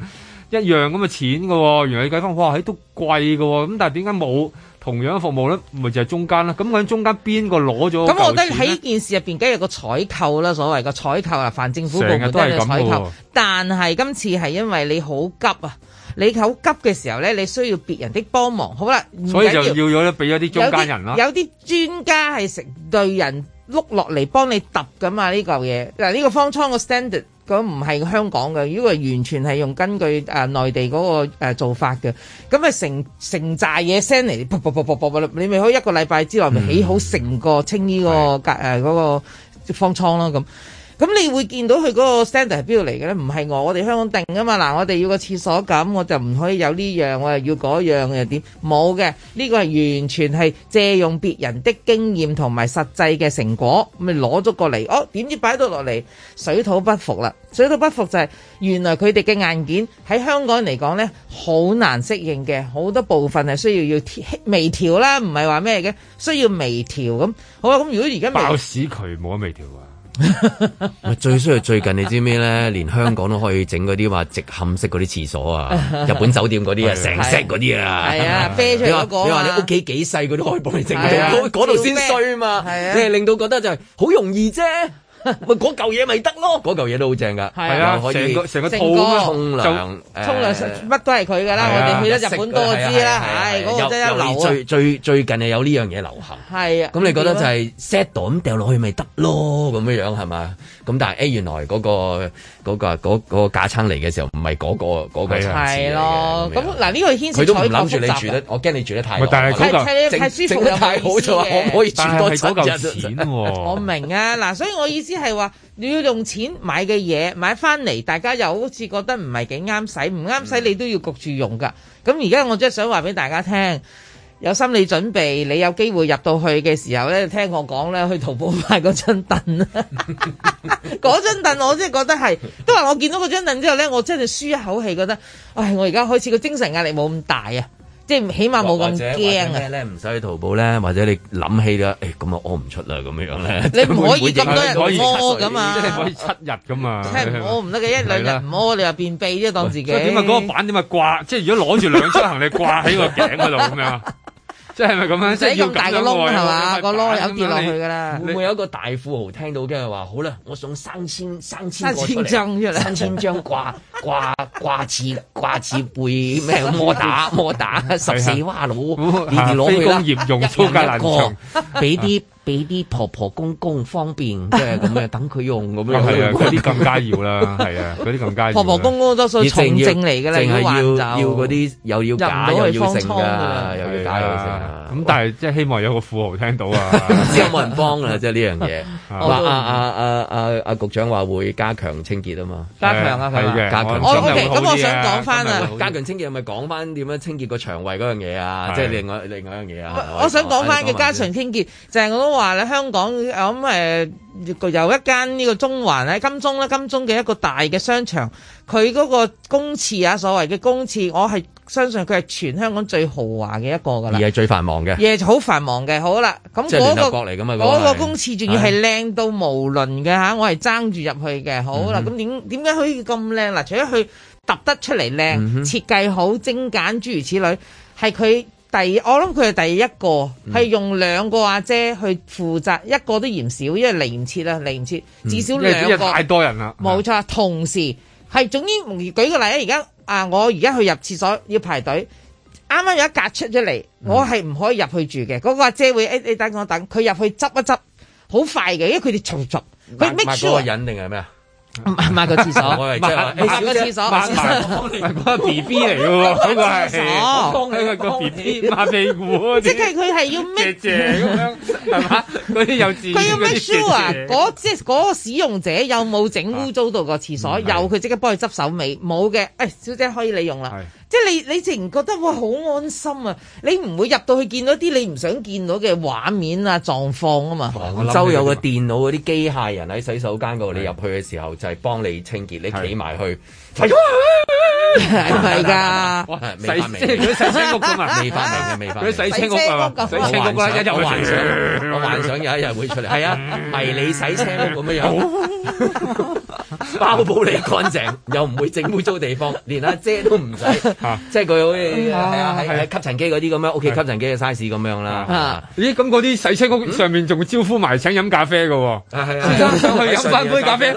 一樣咁嘅錢㗎喎，原來你計翻哇，都貴㗎喎，咁但係點解冇？同樣服務咧，咪就係中間啦。咁喺中間邊個攞咗？咁我覺得喺呢件事入邊梗係個採購啦，所謂個採購啊，凡政府部門嘅採購，成日都係咁嘅，但係今次係因為你好急啊！你好急嘅時候咧，你需要別人的幫忙。好啦，所以就要咗俾咗啲中間人啦。有啲專家係成隊人碌落嚟幫你揼㗎嘛，呢嚿嘢嗱，呢個方艙個 standard。佢唔係香港嘅，如果係完全係用根據誒內地嗰個做法嘅，咁咪成成扎嘢 send 嚟，啵啵啵啵啵啦，你咪可以一個禮拜之內咪起好成個清呢個隔誒嗰個方艙咯咁。嗯。咁你會見到佢嗰個 standard 係邊度嚟嘅咧？唔係我，我哋香港定噶嘛？嗱，我哋要個廁所咁，我就唔可以有呢樣，我又要嗰樣又點冇嘅，呢、這個係完全係借用別人的經驗同埋實際嘅成果，咪攞咗過嚟。哦，點知擺到落嚟水土不服啦？水土不服就係原來佢哋嘅硬件喺香港嚟講咧，好難適應嘅，好多部分係需要要微調啦，唔係話咩嘅，需要微調。咁。好啊，咁如果而家爆市渠冇得微調。 *laughs* 最衰最近你知咩咧？連香港都可以整嗰啲話直冚式嗰啲廁所啊， *laughs* 日本酒店嗰啲啊，成 set 嗰啲啊，係啊， *laughs* 你話你屋企幾細，佢都可以幫你整到，嗰度先衰嘛，即係、就是、令到覺得就係好容易啫。咪嗰嚿嘢咪得咯，嗰嚿嘢都好正噶，係啊，可以成個成個套都沖涼，沖涼乜都係佢噶啦，我哋去得日本多知啦，係嗰個真一流啊！又最最最近又有呢樣嘢流行，係啊，咁你覺得就係 set 袋咁掉落去咪得咯？咁樣樣係嘛？咁但係哎原來嗰個。嗰、那個嗰嗰架撐嚟嘅時候，那個，唔係嗰個嗰，啊、個係咯。咁嗱，呢個牽牽佢都唔諗住你住得，我驚你住得太太，那個、舒服有有得太好咗。我可，可以轉個十日。我明啊，嗱，所以我意思係話，你要用錢買嘅嘢買翻嚟，大家又好似覺得唔係幾啱使，唔啱使你都要焗住用噶。咁而家我真係想話俾大家聽。有心理準備，你有機會入到去嘅時候咧，聽我講咧，去淘寶買嗰張凳啦。嗰 *laughs* *laughs* 張凳我真係覺得係，都話我見到嗰張凳之後咧，我真係舒一口氣，覺得，唉，我而家開始個精神壓力冇咁大啊，即係起碼冇咁驚啊。或者唔使去淘寶咧，或者你諗起啦，誒、哎，咁啊屙唔出啦，咁樣咧。你唔可以咁多日屙咁啊，即係可、就係、可以七日咁啊。即係屙唔得嘅一兩日唔屙，你話便秘啫，當自己。點啊嗰個板點啊掛？即 *laughs* 係如果攞住兩張行李掛喺個頸嗰度咁樣。 *laughs* 即係咪咁樣？係咁大個窿係嘛？那個窿有跌落去噶啦。會唔會有一個大富豪聽到即係話好啦？我送三千三千張，三千張掛掛掛刺掛刺背咩摩打摩打 *laughs* 十四哇花佬連住攞佢啦！ *laughs* 去工業用 *laughs* 一人一個，俾 *laughs* 啲一些。 *laughs* 俾啲婆婆公公方便，即係咁啊，等佢用咁、啊、樣。係啊，嗰啲更加要啦，係 *laughs* 啊，啲更加。婆婆公公都算重症嚟嘅咧，淨係要要嗰啲又要假又要成噶，又要假方又要成。咁但係即係希望有個富豪聽到啊，即係冇人幫噶啦，即係呢樣嘢。阿阿阿阿阿局長話會加強清潔啊嘛，加強，加強啊，係嘅。我 OK，咁我想講翻啊，加強清潔，係咪講翻點樣清潔個腸胃嗰樣嘢啊，即係、就是、另外另外一樣嘢啊。我想講翻嘅加強清潔就係我。話咧香港咁，誒、嗯，有一間呢個中環咧，金鐘咧，金鐘嘅一個大嘅商場，佢嗰個公廁啊，所謂嘅公廁，我係相信佢係全香港最豪華嘅一個噶啦，而係最繁忙嘅，而係好繁忙嘅。好啦，咁、嗯、嗰、那個嗰、那個公廁仲要係靚到無倫嘅吓，我係爭住入去嘅。好啦，咁點點解可以咁靚？嗱，除咗佢揼得出嚟，靚，設、嗯、計好精簡，諸如此類，係佢。第二我諗佢係第一個，係、嗯、用兩個阿姐去負責，一個都嫌少，因為嚟唔切啦嚟唔切，至少兩個。嗯、因為這太多人啦。冇錯，同時係，總之，舉個例啊，而家啊，我而家去入廁所要排隊，啱啱有一格出咗嚟，我係唔可以入去住嘅。嗰、嗯嗰個阿姐會誒、欸，你等我等，佢入去執一執，好快嘅，因為佢哋嘈嘈。嗱嗰個人定係咩啊？埋個廁所，埋、欸、個廁所，抹個 B B 嚟嘅喎，嗰個係，光個 B B 抹屁股，即係佢係要咩嘢咁樣，係嘛？嗰啲有佢要 make sure 嗰即係嗰個使用者有冇整污糟到個廁所，有佢即刻幫佢執手尾，冇嘅，誒、哎，小姐可以利用啦。即係你，你自然覺得哇好安心啊！你唔會入到去見到啲你唔想見到嘅畫面啊，狀況啊嘛。廣、哦、州有個電腦嗰啲機械人喺洗手間嗰度，你入去嘅時候就係幫你清潔，你企埋去。係唔係未發明，即係佢洗車屋工啊，未發明嘅，未，未發明。佢洗車嗰個，洗車嗰啦一日幻想，我幻想, *laughs* 我幻想, *laughs* 我幻想有一日會出嚟。係 *laughs* 啊，迷你洗車屋咁樣樣， *laughs* *laughs* 包保你乾淨， *laughs* 又唔會整污糟地方。 *laughs* 連阿姐都唔使、啊，即係佢好似係啊係、啊啊啊、吸塵機嗰啲咁樣，屋企、啊、吸塵機嘅 size 咁樣啦。咦、啊，咁嗰啲洗車屋上面仲招呼埋、嗯、請飲咖啡嘅？係 *laughs* 啊，去飲翻杯咖啡。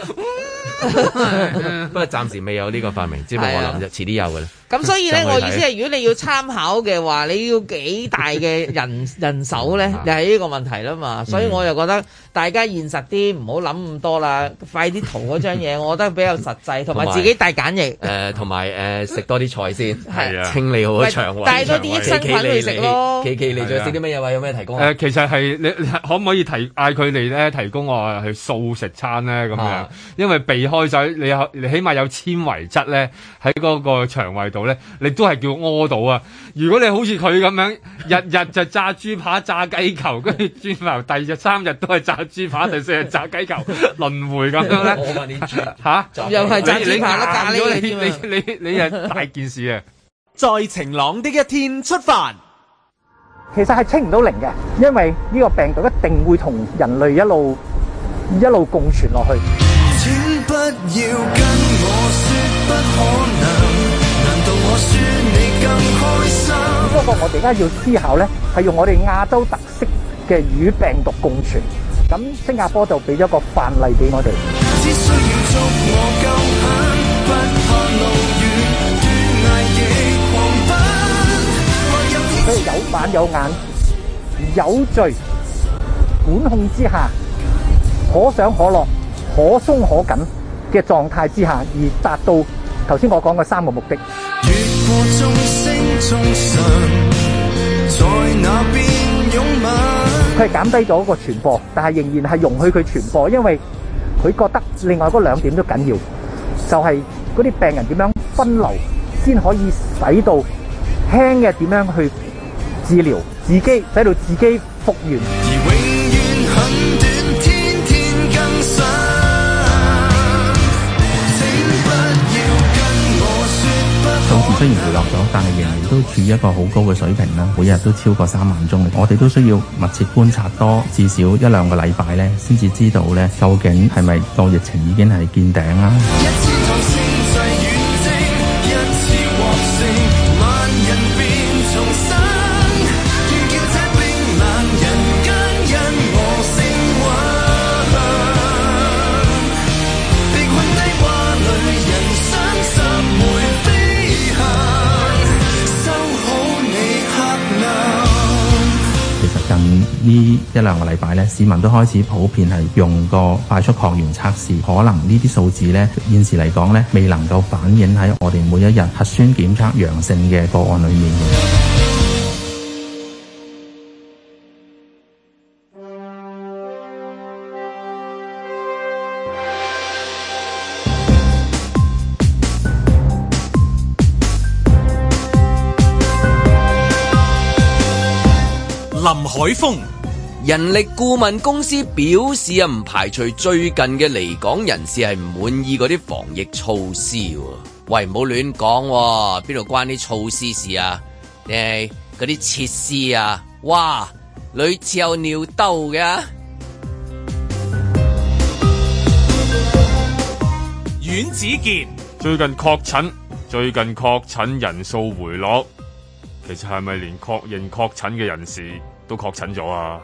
*laughs* *laughs* *laughs* 不過暫時未有呢個發明，只不過我諗啫，遲啲有嘅咧。咁所以咧，我意思係，如果你要參考嘅話，你要幾大嘅人 *laughs* 人手咧？又係呢個問題啦嘛。所以我就覺得大家現實啲，唔好諗咁多啦、嗯，快啲塗嗰張嘢，我覺得比較實際同埋自己帶簡易誒同埋誒食多啲菜先， *laughs* 啊，清理好個腸胃。帶多啲益生菌去食咯，奇奇你仲有啲乜嘢話有咩提供、啊？誒、呃、其實係你可唔可以提嗌佢哋咧提供我係素食餐咧咁樣、啊，因為避開咗你你起碼有纖維質咧喺嗰個腸胃。到咧，你都係叫屙到啊！如果你好似佢咁樣，日日就炸豬扒、炸雞球，跟住轉頭第二日、三日都係炸豬扒，第四日炸雞球，輪迴咁樣咧，吓又係炸豬扒咯！如果你你你你你係大件事啊！在晴朗的一天出發，其實係清唔到零嘅，因為呢個病毒一定會同人類一路一路共存落去。只不過我哋而家要思考咧，係用我哋亞洲特色嘅與病毒共存。咁新加坡就俾咗個範例俾我哋。所以有板有眼、有序管控之下，可上可落、可鬆可緊嘅狀態之下，而達到。頭先我講嘅三個目的，佢係減低咗個傳播，但係仍然係容許佢傳播，因為佢覺得另外嗰兩點都緊要，就係嗰啲病人點樣分流，先可以使到輕嘅點樣去治療，自己使到自己復原。但係仍然都處於一個好高嘅水平啦，每日都超過三萬宗。我哋都需要密切觀察多至少一兩個禮拜咧，先至知道咧，究竟係咪個疫情已經係見頂啦。一兩個禮拜呢，市民都開始普遍係用個快速抗原測試，可能呢啲數字呢，現時嚟講呢，未能夠反映喺我哋每一日核酸檢測陽性嘅個案裏面。林海峰。人力顧問公司表示啊，唔排除最近嘅離港人士係唔滿意嗰啲防疫措施。喂，唔好亂講，邊度關啲措施事啊？誒、欸，嗰啲設施啊，哇，女廁有尿兜嘅。阮子健最近確診，最近確診人數回落，其實係咪連確認確診嘅人士都確診咗啊？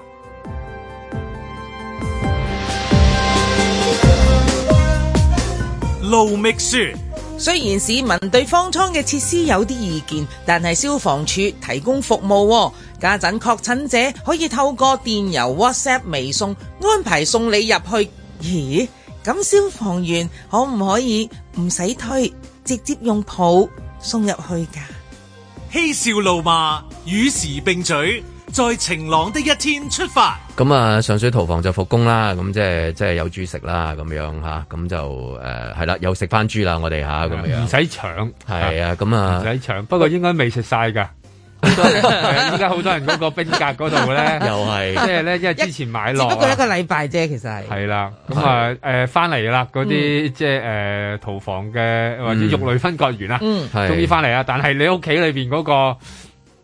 露密書，雖然市民對方艙嘅設施有啲意見，但係消防處提供服務喎。家陣確診者可以透過電郵、WhatsApp、微信安排送你入去。咦，咁消防員可唔可以唔使推，直接用抱送入去噶？嬉笑怒罵與時並舉。在晴朗的一天出發。咁啊，上水屠房就復工啦，咁即係即係有豬食啦，咁樣吓、啊，咁就誒係啦，又食翻豬啦，我哋吓咁樣。唔使搶係啊，咁啊唔使搶，不過應該未食晒噶。而家好多人嗰 *laughs* 個冰格嗰度咧， *laughs* 又係即係咧，因為之前買落，不過一個禮拜啫，其實係。係啦、啊，咁啊誒翻嚟啦，嗰啲即係誒屠房嘅或者肉類分割員啦，嗯，終於翻嚟啦。但係你屋企裏邊嗰、嗰個。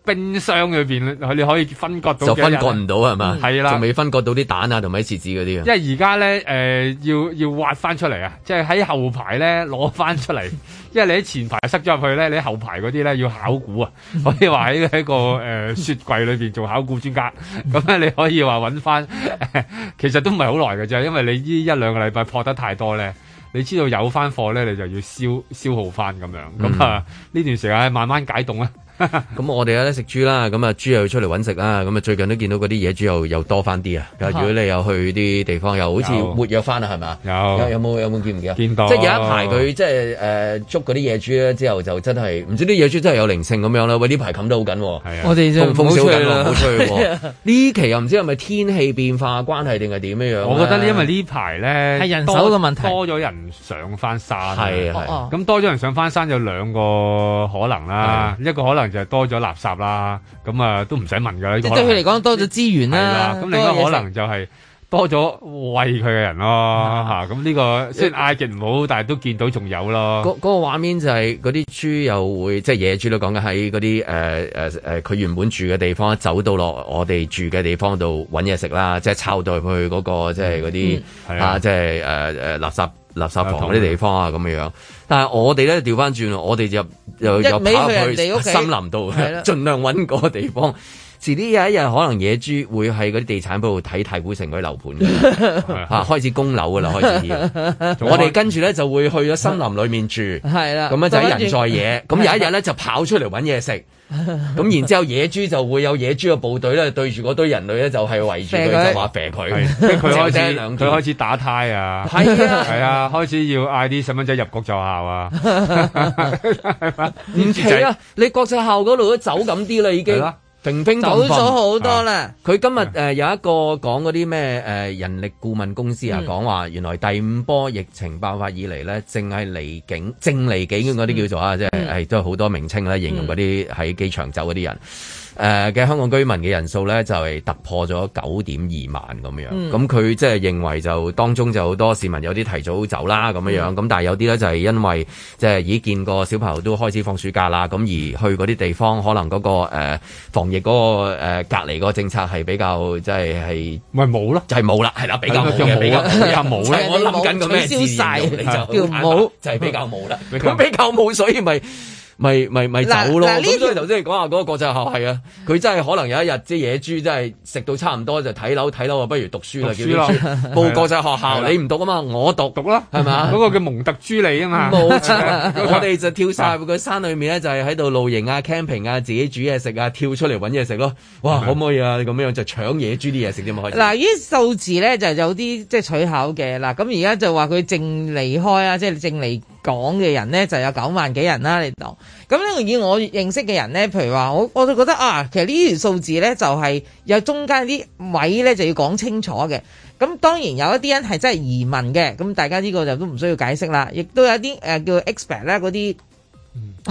冰箱裏邊佢你可以分割到就分割，唔到係嘛？係啦，仲、嗯、未分割到啲蛋啊，同埋啲廁紙嗰啲啊。因為而家咧，誒、呃，要要挖翻出嚟啊！即係喺後排咧攞翻出嚟，因為你喺前排塞咗入去咧，你喺後排嗰啲咧要考古啊！可以話喺一個誒、呃、雪櫃裏邊做考古專家，咁咧你可以話搵翻。其實都唔係好耐嘅啫，因為你呢一兩個禮拜破得太多咧，你知道有翻貨咧，你就要消消耗翻咁樣。咁、嗯、啊，呢段時間慢慢解凍。咁、 *laughs* 嗯、我哋又得食豬啦，咁啊豬又出嚟搵食啦，咁、嗯、啊最近都見到嗰啲野豬又又多翻啲啊！如果你又去啲地方，又好似活躍翻啦，係咪？有是是有冇有冇見唔見啊？見到即係有一排佢即係誒、呃、捉嗰啲野豬咧，之後就真係唔知啲野豬真係有靈性咁樣啦。喂，呢排冚得好緊、啊啊，我哋風風小緊、啊、吹喎。呢、啊、 *laughs* *laughs* *laughs* 期又唔知係咪天氣變化關係定係點樣樣？我覺得因為呢排咧人手嘅問題，多咗人上翻山咁、啊啊啊、多咗人上翻山有兩個可能啦、啊啊，一個可能。就係、是、多咗垃圾啦，咁啊都唔使問㗎。即係對佢嚟講，多咗資源啦。係啦，咁另外一個可能就係多咗餵佢嘅人咯。吓、 *laughs* 啊，咁呢個雖然嗌極唔好， *laughs* 但係都見到仲有咯。嗰嗰、那個畫面就係嗰啲豬又會即係、就是、野豬都講緊喺嗰啲誒誒誒，佢、呃呃、原本住嘅地方，走到落我哋住嘅地方度搵嘢食啦，即係抄到去嗰、那個即係嗰啲啊，即係誒誒垃圾。垃圾房嗰啲地方啊，咁樣、嗯，但係我哋咧調翻轉，我哋就又又跑去森林度， *laughs* 盡量搵嗰個地方。遲啲有一日，可能野豬會喺嗰啲地產鋪度睇太古城嗰啲樓盤，樓盤 *laughs* *laughs* 啊，開始供樓噶啦，開始啲。我哋跟住咧就會去咗森林裏面住，係啦，咁樣就人在野。咁 *laughs* 有一日咧 *laughs* 就跑出嚟搵嘢食，咁 *laughs* 然之後野豬就會有野豬嘅部隊咧 *laughs* 對住嗰堆人類咧就係圍住佢， *laughs* 就話肥佢，佢開始，佢開始打胎啊，係 *laughs* 是啊， *laughs* 是啊 *laughs* 開始要嗌啲細蚊仔入國就校啊，啊 *laughs* *laughs* *laughs* *laughs* 你國際校嗰度都走緊啲啦，已經。 *laughs* *laughs* *laughs* *laughs* *laughs* *laughs* *laughs* 平平好咗好多啦，佢、啊、今日誒、呃、有一個講嗰啲咩誒人力顧問公司啊，講、嗯、話原來第五波疫情爆發以嚟咧，淨係離境，正離境嗰啲叫做啊，嗯、即係都係好多名稱啦，形容嗰啲喺機場走嗰啲人。嗯嗯誒、呃、嘅香港居民嘅人數咧就係、是、突破咗九點二萬咁樣，咁、嗯、佢即係認為就當中就好多市民有啲提早走啦咁樣樣，咁、嗯、但係有啲咧就係、是、因為即係已經見過小朋友都開始放暑假啦，咁而去嗰啲地方可能嗰、那個、呃、防疫嗰、那個、呃、隔離嗰個政策係比較即係係咪冇咯？就係冇啦，係啦、就是、比較冇嘅、就是、比較、就是、比較冇 *laughs* 我諗緊咁嘅意思，叫冇就係、是、比較冇啦。咁比較冇，所以咪。 *laughs* 咪咪咪走咯！咁所以頭先你講下嗰個國際學校係啊，佢真係可能有一日即野豬真係食到差唔多就睇樓睇樓啊，不如讀書啦！叫書啦！報國際學校你唔讀啊嘛，我讀讀啦，係咪？嗰個叫蒙特諸利啊嘛。冇錯， *laughs* 我哋就跳晒入個山裏面咧，就係喺度露營啊、camping 啊，自己煮嘢食啊，跳出嚟揾嘢食咯。哇！可唔可以啊？你咁樣就搶野豬啲嘢食啫可以？嗱，啲數字咧就有啲即係取巧嘅嗱。咁而家就話佢正離開啊，即係正離。講嘅人呢就有九萬幾人啦，你當咁個以我認識嘅人呢，譬如話我我就覺得啊，其實呢條數字呢就係、是、有中間啲位呢就要講清楚嘅。咁當然有一啲人係真係移民嘅，咁大家呢個就都唔需要解釋啦。亦都有一啲誒、呃、叫 expert 呢嗰啲。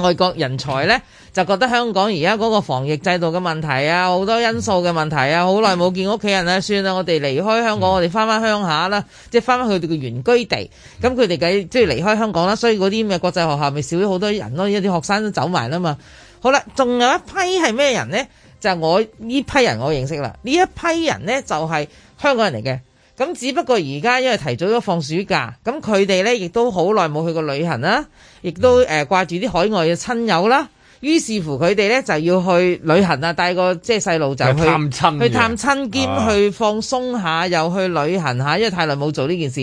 外國人才呢，就覺得香港而家嗰個防疫制度嘅問題啊，好多因素嘅問題啊，好耐冇見屋企人啊，算啦，我哋離開香港，我哋翻翻鄉下啦，即係翻翻佢哋嘅原居地。咁佢哋梗係即係離開香港啦，所以嗰啲咁嘅國際學校咪少咗好多人咯，一啲學生都走埋啦嘛。好啦，仲有一批係咩人呢？就係我呢批人，我認識啦。呢一批人呢，就係香港人嚟嘅。咁只不過而家因為提早咗放暑假，咁佢哋咧亦都好耐冇去過旅行啦，亦都誒、呃、掛住啲海外嘅親友啦，於是乎佢哋咧就要去旅行啊，帶個即係細路仔去探親，去探親兼、啊、去放鬆下，又去旅行下，因為太耐冇做呢件事。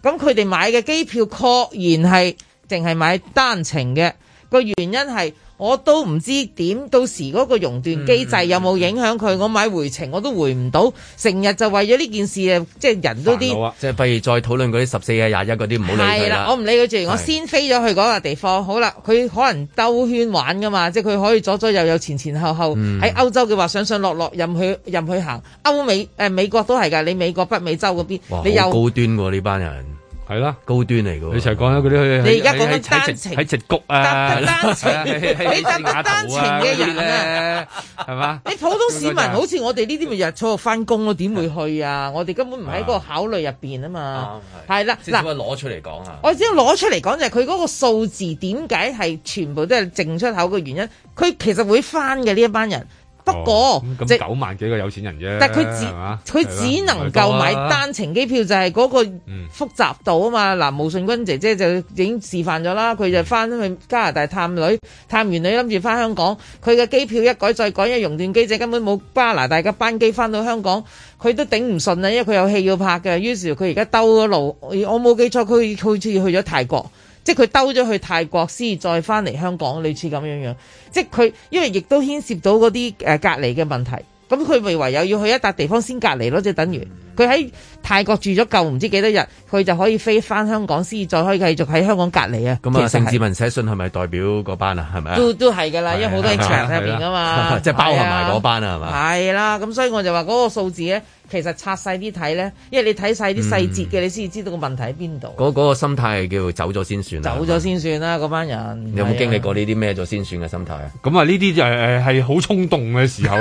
咁佢哋買嘅機票確然係淨係買單程嘅，個原因係。我都唔知點到時嗰個熔斷機制有冇影響佢、嗯，我買回程我都回唔到，成日就為咗呢件事啊！即係人都啲，即係不如再討論嗰啲十四啊、廿一嗰啲唔好理佢啦。係啦，我唔理佢住，我先飛咗去嗰個地方。好啦，佢可能兜圈玩噶嘛，即係佢可以左左右右前前後後。喺、嗯、歐洲嘅話，上上落落任去任去行。歐美、呃、美國都係㗎，你美國北美洲嗰邊，哇你有高端喎呢班人。係啦，高端嚟嘅、啊。你成日講嗰啲去，你而家講緊單程喺直局啊？你單單程嘅人啊，係、啊、嘛？你普通市民好似我哋呢啲咪日初翻工咯，點、啊、會去啊？我哋根本唔喺個考慮入邊啊嘛。係啦，嗱，攞出嚟講啊，我只要攞出嚟講、啊、就係佢嗰個數字點解係全部都係淨出口嘅原因，佢其實會翻嘅呢一班人。不過，咁、哦、九萬幾個有錢人啫，但佢只佢只能夠買單程機票，就係嗰個複雜度啊嘛。嗱、嗯，武信君姐姐就已經示範咗啦，佢就翻去加拿大探女，探完女諗住翻香港，佢嘅機票一改再改，因為熔斷機制根本冇加拿大嘅班機翻到香港，佢都頂唔順啊，因為佢有戲要拍嘅，於是佢而家兜咗路，我冇記錯，佢好似去咗泰國。即係佢兜咗去泰國先再翻嚟香港，類似咁樣樣。即係佢因為亦都牽涉到嗰啲、呃、隔離嘅問題，咁佢咪唯有要去一笪地方先隔離咯，即係等於。佢喺泰國住咗夠唔知幾多日，佢就可以飛翻香港，先至再可以繼續喺香港隔離啊！咁啊，鄭、嗯、志文寫信係咪代表嗰班啊？係咪都都係噶啦、啊，因為好多疫情入邊噶嘛，啊啊啊、即係包含埋嗰班啊，係嘛、啊？係啦、啊，咁、啊、所以我就話嗰個數字咧，其實拆細啲睇咧，因為你睇細啲細節嘅、嗯，你先至知道個問題喺邊度。嗰、嗰個心態係叫走咗先算，走咗先算啦！嗰班人、啊、你有冇經歷過呢啲咩咗先算嘅心態啊？咁啊，呢啲就誒係好衝動嘅時候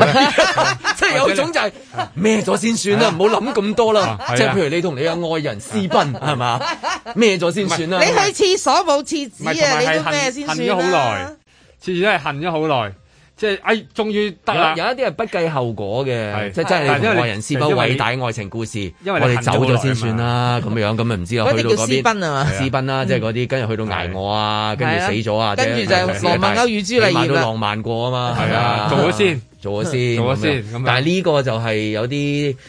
即係有一種就係咩咗先算啦，唔好諗咁。多啦、啊啊，即係譬如你同你嘅愛人私奔，係嘛，咩咗先算啦、啊？你去廁所冇廁紙啊？你做咩先算、啊？恨咗好耐，次次都係恨咗好耐，即係哎，終於得啦！有一啲係不計後果嘅，即係真係你愛人私奔偉大愛情故事。因為我哋走咗先算啦、啊，咁、啊、樣咁咪唔知啦。嗰啲叫私奔啊嘛？私奔啦，即係啲跟住去到挨我啊，跟住死咗啊，跟住、啊啊、就羅曼歐與朱麗葉啦，啊、但但到浪漫過啊嘛，係啊，啊，做咗先。 *laughs* 做咗先，做咗先但係呢個就係有啲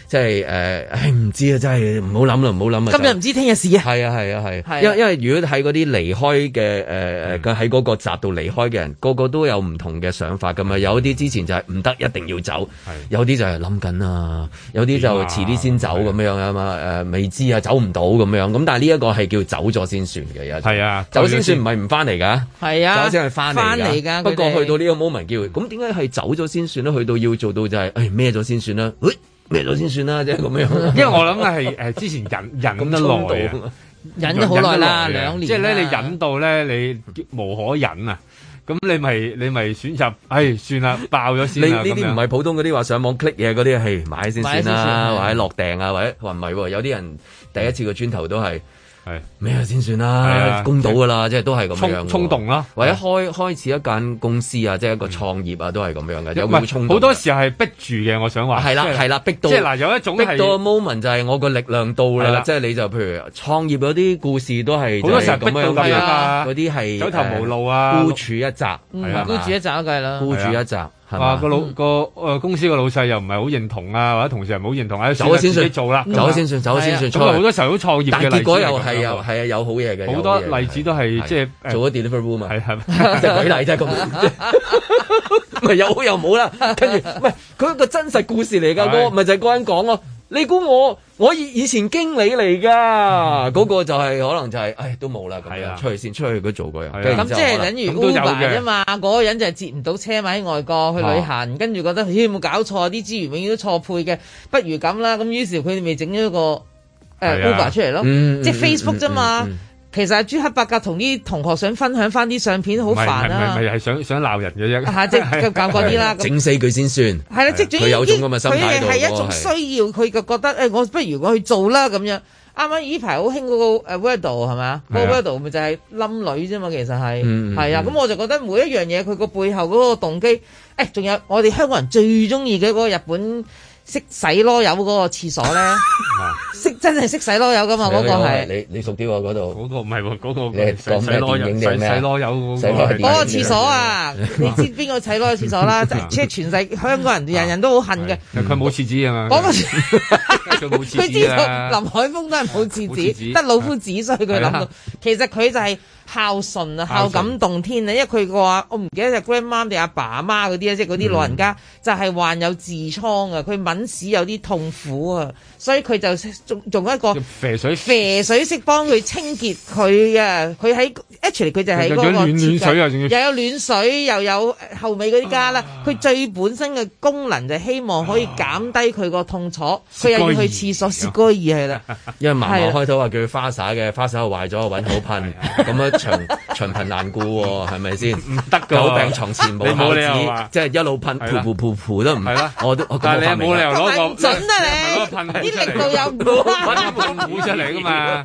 即係誒，唉、就、唔、是呃、知啊，真係唔好諗啦，唔好諗啊！今日唔知，聽日事啊！係啊，係啊，係、啊。因為因為如果喺嗰啲離開嘅誒喺嗰個閘度離開嘅人，個個都有唔同嘅想法㗎嘛、嗯。有啲之前就係唔得，一定要走；有啲就係諗緊啊，有啲就，就遲啲先走咁、啊啊、樣啊嘛。未、呃、知啊，走唔到咁樣。咁但係呢一個係叫走咗先算嘅，係啊，走先算唔係唔翻嚟㗎，係啊，走先翻嚟㗎。不過去到呢個 moment 叫咁，點解係走咗先算？都去到要做到就係誒孭咗先算啦，喂孭咗先算啦，即係咁樣。因為我諗係係誒之前忍 *laughs* 忍得耐，忍得好耐啦，兩年。即係咧你忍到咧你無可忍啊，咁你咪你咪選擇誒、哎、算啦，爆咗先啦。你呢啲唔係普通嗰啲話上網 click 嘢嗰啲，係買先算啦，或者落訂啊，或者唔係喎，有啲人第一次個磚頭都係。係咩先算啦，啊？公到噶啦，即係都係咁樣。衝動啦，啊，或者開開始一間公司啊，嗯、即係一個創業啊，都係咁樣嘅。有冇衝係好多時候係逼住嘅，我想話係啦係啦，逼、啊啊啊啊，到即係嗱，有一種逼到 moment 就係我個力量到啦。即係你就譬如創業嗰啲故事都係咁樣，好多時候逼到噶嘛，嗰啲係走投無路啊，孤處一閘係，嗯、啊，孤處一閘計啦，孤處，啊，一閘。啊！個老個誒公司個老細又唔係好認同啊，或者同事又唔好認同、啊，誒自己做啦。走先算，算，走先算，走先算、啊。咁啊好多時候都創業嘅。但係結果又係係啊有好嘢嘅。多好多例子都係即係做咗 delivery 嘛，係係、啊，即係舉例，即係咁，係係咪有好又冇啦？跟住喂佢個真實故事嚟㗎，嗰個咪、啊、就係嗰個人講咯。你估我我以以前經理嚟㗎，嗰、嗯那個就係、是、可能就係、是，唉，都冇啦咁樣、啊，出去先出去嗰做嗰人，咁、啊、即係等於 Uber 啫嘛，嗰、那個人就係接唔到車咪喺外國去旅行，跟、啊、住覺得咦有冇搞錯啲資源永遠都錯配嘅，不如咁啦，咁於是佢哋咪整咗一個誒、啊呃、Uber 出嚟咯，嗯嗯、即係 Facebook 啫嘛。嗯嗯嗯嗯嗯。其實阿朱克伯格同啲同學想分享翻啲相片好煩啊，唔係想想鬧人嘅啫即係搞嗰啲啦，整死佢先算係啦。即係總之佢係一種需要，佢就覺得誒，我不如我去做啦咁樣。啱啱呢排好興嗰個誒 Weddo 係咪？個 Weddo 咪就係、是、冧女啫嘛。其實係係、嗯、啊，咁、嗯啊、我就覺得每一樣嘢佢個背後嗰個動機誒，仲、哎、有我哋香港人最中意嘅嗰個日本。識洗囉油嗰個廁所咧，識、啊那個、真係識洗囉油噶嘛？嗰、那個係你你熟啲喎嗰度，嗰、那個唔係喎，嗰、那個講咩電影定洗囉油嗰個？嗰、那、廁、個、所啊， *laughs* 你知邊個洗囉個廁所啦、啊？即 *laughs* 係全世界香港人，人人都好恨嘅。佢冇廁紙啊嘛，嗰、嗯那個佢冇廁佢知道林海峰都係冇廁紙，得老夫子 *laughs* 所以佢諗到、啊，其實佢就係、是。孝順啊，孝感動天啊！因為佢、嗰個啊，我唔記得就 grandma 定阿爸阿媽嗰啲啊。即係嗰啲老人家就係患有痔瘡啊，佢糞屎有啲痛苦啊，所以佢就仲仲一個肥水啡水式幫佢清潔佢啊！佢喺 actually 佢就係嗰個暖暖水、啊、又有暖水又有後尾嗰啲家啦，佢、啊、最本身嘅功能就希望可以減低佢個痛楚，佢又要去廁所屎哥兒係啦。因為麻麻開頭話叫佢花灑嘅 *laughs* 花灑壞咗，揾好噴咁啊！ *laughs* 這樣 *laughs* 長長貧難顧係咪先？唔得噶，久病床前冇孝子，即係一路噴，噗噗噗噗都唔係啦。我都，但係你冇理由攞、啊、個你准啊個噴你，啲力度有唔準，噴個噴壺出嚟噶嘛，嘛，嘛，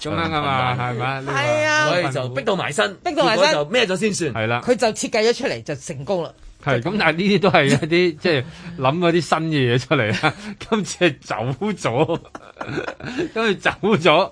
中乜啊嘛，係咪？係啊，所以就逼到埋身，逼到埋身就咩咗先算，係啦。佢就設計咗出嚟就成功啦。係咁，但係呢啲都係一啲即係諗嗰啲新嘅嘢出嚟啊！今次走咗，咁佢走咗，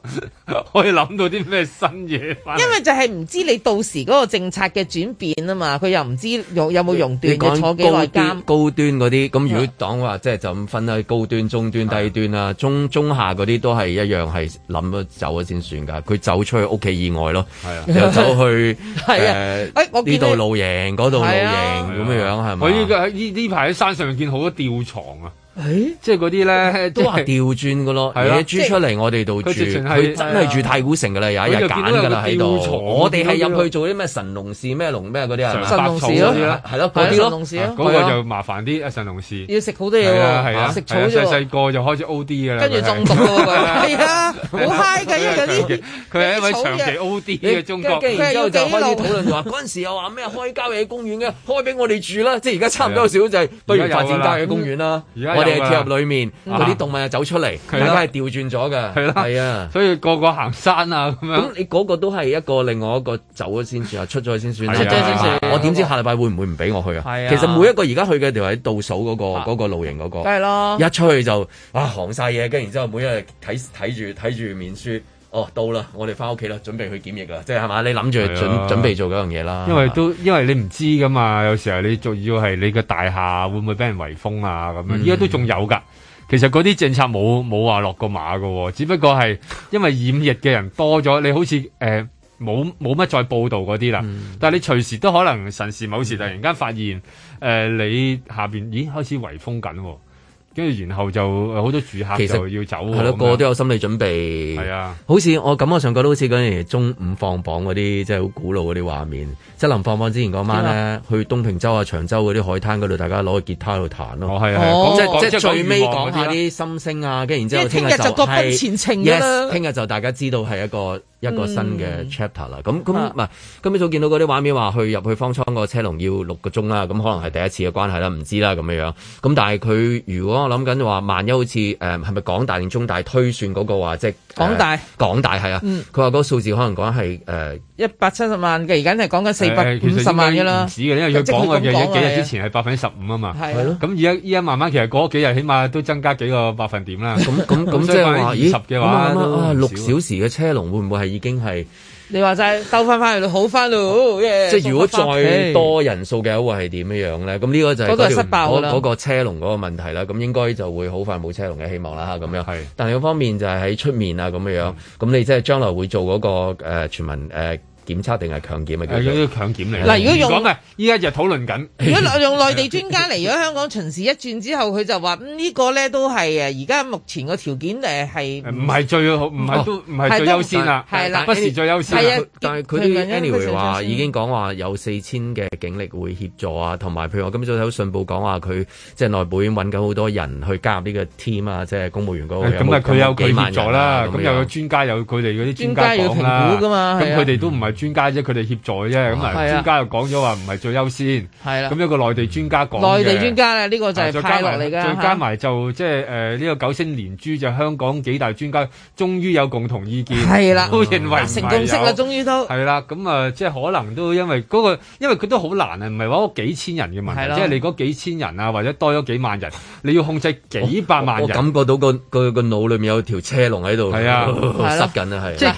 可以諗到啲咩新嘢？因為就係唔知你到時嗰個政策嘅轉變啊嘛，佢又唔知有有冇熔斷嘅坐幾耐間高端嗰啲咁，如果講話即係就咁、是、分開，高端、中端、低端啦、啊，中中下嗰啲都係一樣係諗咗走咗先算㗎。佢走出去屋企以外咯，又、啊、走去誒，我呢度露營，嗰度、啊、露營咁、啊、樣。係咪我依家喺呢呢排喺山上見好多吊床啊？誒、欸，即係嗰啲咧都係調轉噶咯，野豬、啊、出嚟我哋度住，佢真係住太古城噶啦，啊、有一日揀噶啦喺度。我哋係入去做啲咩神農氏咩龍咩嗰啲啊，神農氏咯，係咯、啊，嗰啲囉。嗰個就麻煩啲啊神農氏，要食好多嘢啊，食草、啊，細細個就開始 O D 噶啦，跟住中毒噶，係啊，好嗨噶，因為啲佢係一位長期 O D 嘅中國，跟住就開始討論咗，嗰陣時又話咩開郊野公園嘅，開俾我哋住啦，即係而家差唔多少就係不如發展郊野公園啦，而家。我哋入裏面，嗰、嗯、啲動物又走出嚟，係啦，係調轉咗噶，係啦，係啊，所以個個行山啊咁樣。咁你嗰個都係一個另外一個走咗先算啊， *laughs* 出咗先算。出咗先算，我點知下禮拜會唔會唔俾我去啊？係啊。其實每一個而家去嘅就喺倒數嗰、嗰個、嗰個露營嗰、嗰個。係咯。一出去就啊行晒嘢，跟住然之後每日睇睇住睇住面書。哦，到啦！我哋翻屋企啦，準備去檢疫啦，即係係嘛？你諗住準、啊、準備做嗰樣嘢啦。因為都因為你唔知噶嘛，有時候你仲要係你嘅大廈會唔會俾人圍封啊？咁樣依家都仲有㗎。其實嗰啲政策冇冇話落個馬㗎喎、哦，只不過係因為染疫嘅人多咗，你好似誒冇冇乜再報導嗰啲啦。但係你隨時都可能神時、某時突然間發現、嗯呃、你下面咦開始圍封緊。跟住然後就好多住客其實就要走，係咯，個個都有心理準備。係啊，好似我感覺上覺得好似嗰陣中五放榜嗰啲，即係好古老嗰啲畫面。即係臨放榜之前嗰晚咧，去東平洲啊、長洲嗰啲海灘嗰度，大家攞個吉他喺度彈咯。哦，係即係最尾講下啲心聲啊。跟住然之後聽日就各奔前程，yes，聽日就大家知道係一個。一個新嘅 chapter 啦，嗯，咁咁唔係，今日早見到嗰啲畫面話去入去方艙個車龍要六個鐘啦，咁可能係第一次嘅關係啦，唔知啦咁樣樣咁，但係佢如果我諗緊話，萬一好似誒係咪港大定中大推算嗰，嗰個話，即係港大，呃、港大係啊，佢話嗰個數字可能講係誒。呃一百七十萬嘅，而家係講緊四百五十萬嘅咯。因為佢講嘅嘢幾日之前係百分之十五啊嘛。係咯。咁而家而家慢慢其實嗰幾日，起碼都增加幾個百分點啦。咁咁咁即係話，二十嘅話，六小時嘅車龍會唔會係已經係？你話齋兜翻翻去好翻啦，啊、yeah, 即係如果再多人數嘅話，係點樣樣咧？咁呢個就係、那個是失爆個嗰個車龍嗰個問題啦。咁應該就會好快冇車龍嘅希望啦。咁樣，但係另一方面就係喺出面啊咁樣。咁你即係將來會做嗰、那個全民誒。呃檢測定係強檢啊！強檢嚟嗱，如果用講嘅，依家就討論緊。如果用內地專家嚟咗 *laughs* 香港巡視一轉之後，佢就話，嗯這個、呢個咧都係而家目前個條件誒係唔係最好，唔係、哦、都唔係最優先啦。不時最優先啦。但係佢最近呢話已經講話有四千嘅警力會協助啊，同埋譬如我今早睇信報講話佢即係內部已經揾緊好多人去加入呢個 team 啊，即係公務員嗰個。咁佢有佢協助啦，咁又、啊、有專家有佢哋嗰啲專家要評估㗎、啊、嘛。咁佢哋都唔係。專家啫，佢哋協助啫，咁、哦、啊專家又講咗話唔係最優先，係啦、啊。咁一個內地專家講嘅，內地專家咧呢、這個就派落嚟嘅。再加埋、啊、就即係誒呢個九星連珠，就、啊、香港幾大專家終於有共同意見，係啦、啊，都認為成共識啦，終於都係啦。咁啊，啊，即可能都因為嗰、那個，因為佢都好難啊，唔係話幾千人嘅問題，即係、啊就是、你嗰幾千人啊，或者多咗幾萬人，你要控制幾百萬人，我感覺到個，個，個腦裡面有條車龍喺度，係啊塞、哦啊、緊啦，係即、啊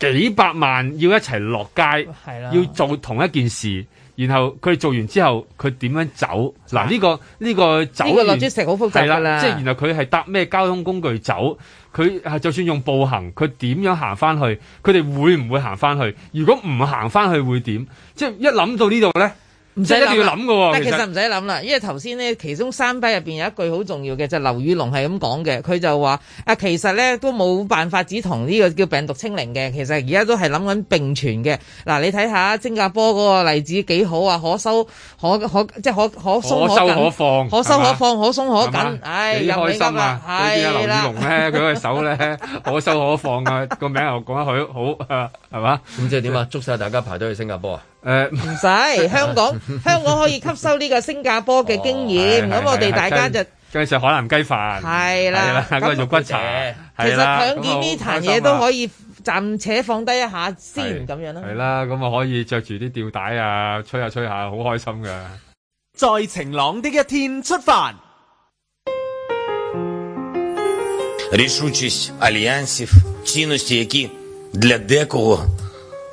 幾百萬要一齊落街，要做同一件事，然後佢做完之後佢點樣走？嗱呢個呢個走完係啦，即係然後佢係搭咩交通工具走？佢係就算用步行，佢點樣行翻去？佢哋會唔會行翻去？如果唔行翻去會點？即係一諗到呢度咧。唔使一定要諗噶，喎，其實唔使諗啦，因為頭先呢，其中三批入邊有一句好重要嘅，就劉宇龍係咁講嘅，佢就話啊，其實咧都冇辦法只同呢、這個叫病毒清零嘅，其實而家都係諗緊並存嘅。嗱、啊，你睇下新加坡嗰個例子幾好啊，可收可可即係可可，可，可收可放，可收可放可鬆可緊，唉，又、哎、開心啊！係、哎、啦，劉宇龍咧，佢個 *laughs* 手咧可收可放啊，個 *laughs* 名又講得佢好，係嘛？咁即係點啊？捉晒大家排隊去新加坡啊！誒、呃，唔使 *laughs* 香港，香港可以吸收呢個新加坡嘅經驗，咁、哦、我哋大家就繼續食海南雞飯，係啦，肉骨茶，其實想見呢壇嘢都可以暫且放低一下先，咁樣咯。係啦，咁啊可以着住啲吊帶啊，吹下吹下，好開心㗎。在晴朗的一天出發。 *music*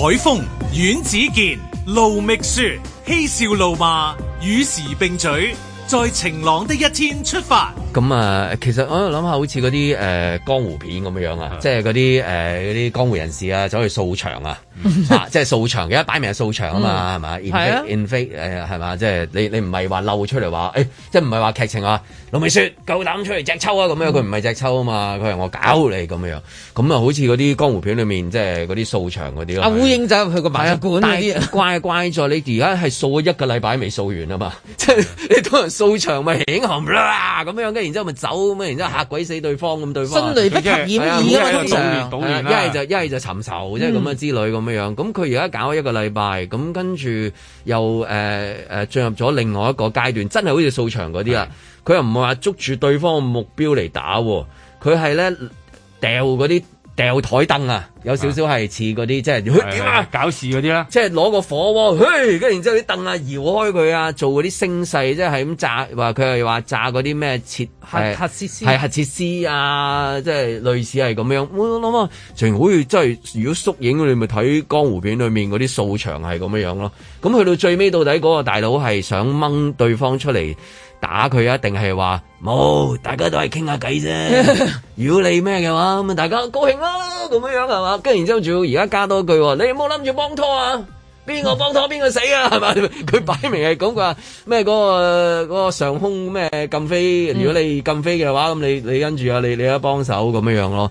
海風、阮子健、盧覓雪、嬉笑怒罵，與時並舉，在晴朗的一天出發。咁啊，其實我諗下，好似嗰啲誒江湖片咁樣樣啊，即係嗰啲誒啲江湖人士啊，走去掃場啊。嗱、 *laughs* 啊，即係掃場嘅，擺明係掃場啊嘛，係嘛 infect，infect 係嘛？即係你你唔係話漏出嚟話，誒，即係唔係話劇情啊老咪說夠膽出嚟隻抽啊，咁樣佢唔係隻抽啊嘛，佢係我搞你咁樣，咁啊，好似嗰啲江湖片裏面即係嗰啲掃場嗰啲咯。啊，烏蠅就去個八一館，怪怪，怪你在你而家係掃一個禮拜未掃完啊嘛，即 *laughs* 係你當人掃場咪英雄咁樣，跟然之後咪走，然之後嚇鬼死對方咁對方。迅雷不及掩耳、就是、啊嘛，啊一係、啊啊啊啊、就一係就尋仇即係咁樣之類咁。咁樣，咁佢而家搞咗一個禮拜，咁跟住又誒誒進入咗另外一個階段，真係好似掃場嗰啲啦。佢又唔係話捉住對方目標嚟打，佢係咧掉嗰啲。掉枱櫈啊，有少少係似嗰啲即係點啊？搞事嗰啲啦，即係攞個火鍋，嘿，跟然之後啲凳啊，搖開佢啊，做嗰啲聲勢，即係咁炸，話佢係話炸嗰啲咩切核設施？係核設施啊，即係類似係咁樣，我諗啊，完全好似即係如果縮影，你咪睇江湖片裏面嗰啲掃場係咁樣樣咯。咁去到最尾到底嗰、嗰個大佬係想掹對方出嚟。打佢啊？定係話冇？大家都係傾下偈啫。 *laughs* 如果你咩嘅話，咁啊大家高興咯，咁樣樣係嘛？跟住然之後仲要而家加多句，你冇諗住幫拖啊？邊個幫拖邊個死啊？係嘛？佢 *laughs* 擺明係講話咩？嗰、嗰個、嗰個上空咩禁飛？如果你禁飛嘅話，咁、嗯、你你跟住啊，你你啊幫手咁樣樣咯。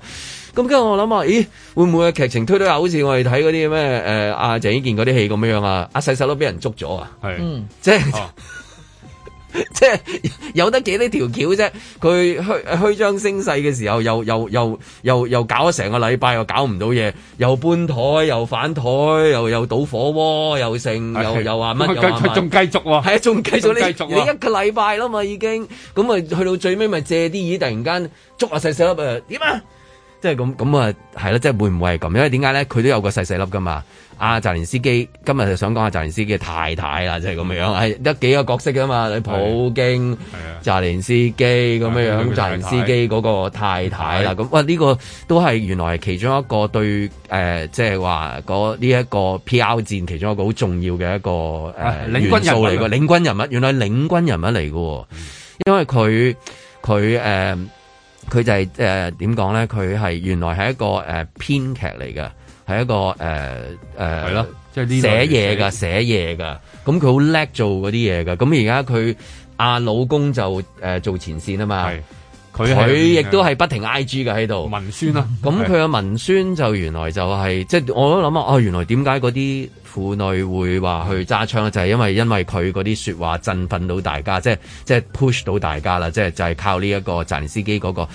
咁跟住我諗啊，咦？會唔會啊劇情推推下好似我哋睇嗰啲咩誒？阿鄭伊健嗰啲戲咁樣樣啊？阿細細都俾人捉咗啊？係，即、就、係、是。哦 *laughs* 即係有得幾多條橋啫？佢虛虛張聲勢嘅時候，又又又又又搞咗成個禮拜，又搞唔到嘢，又搬台，又反台，又又倒火鍋，又剩，又、哎、又話乜？繼續仲繼續喎？係啊，仲繼續呢、啊？你一個禮拜啦嘛，已經咁啊，去到最尾咪借啲椅，突然間捉下細細粒誒？點啊？即係咁咁啊？係咯，即係會唔會係咁？因為點解咧？佢都有個細細粒噶嘛。阿、啊、澤連斯基今日就想講下澤連斯基嘅太太啦，即係咁樣，係、嗯、得幾個角色噶嘛？你普京、澤連斯基咁樣，澤連斯基嗰個太太啦，咁喂呢個都係原來是其中一個對誒，即係話嗰呢一個 P.R. 戰其中一個好重要嘅一個誒領軍人物嚟嘅領軍人物，原、呃、來領軍人物嚟嘅、啊嗯，因為佢佢誒佢就係誒點講咧？佢、呃、係原來係一個誒編劇嚟嘅。呃係一個誒誒、呃呃，寫嘢㗎，寫嘢㗎。咁佢好叻做嗰啲嘢㗎。咁而家佢阿老公就誒、呃、做前線啊嘛。佢佢亦都係不停 I G 㗎喺度文宣啦、啊。咁佢嘅文宣就原來就係、是、即、就是、我都諗啊，哦，原來點解嗰啲婦女會話去揸槍就係、是、因為因為佢嗰啲說話振奮到大家，即係即係 push 到大家啦。即係就係、是、靠呢一個澤連斯基嗰個。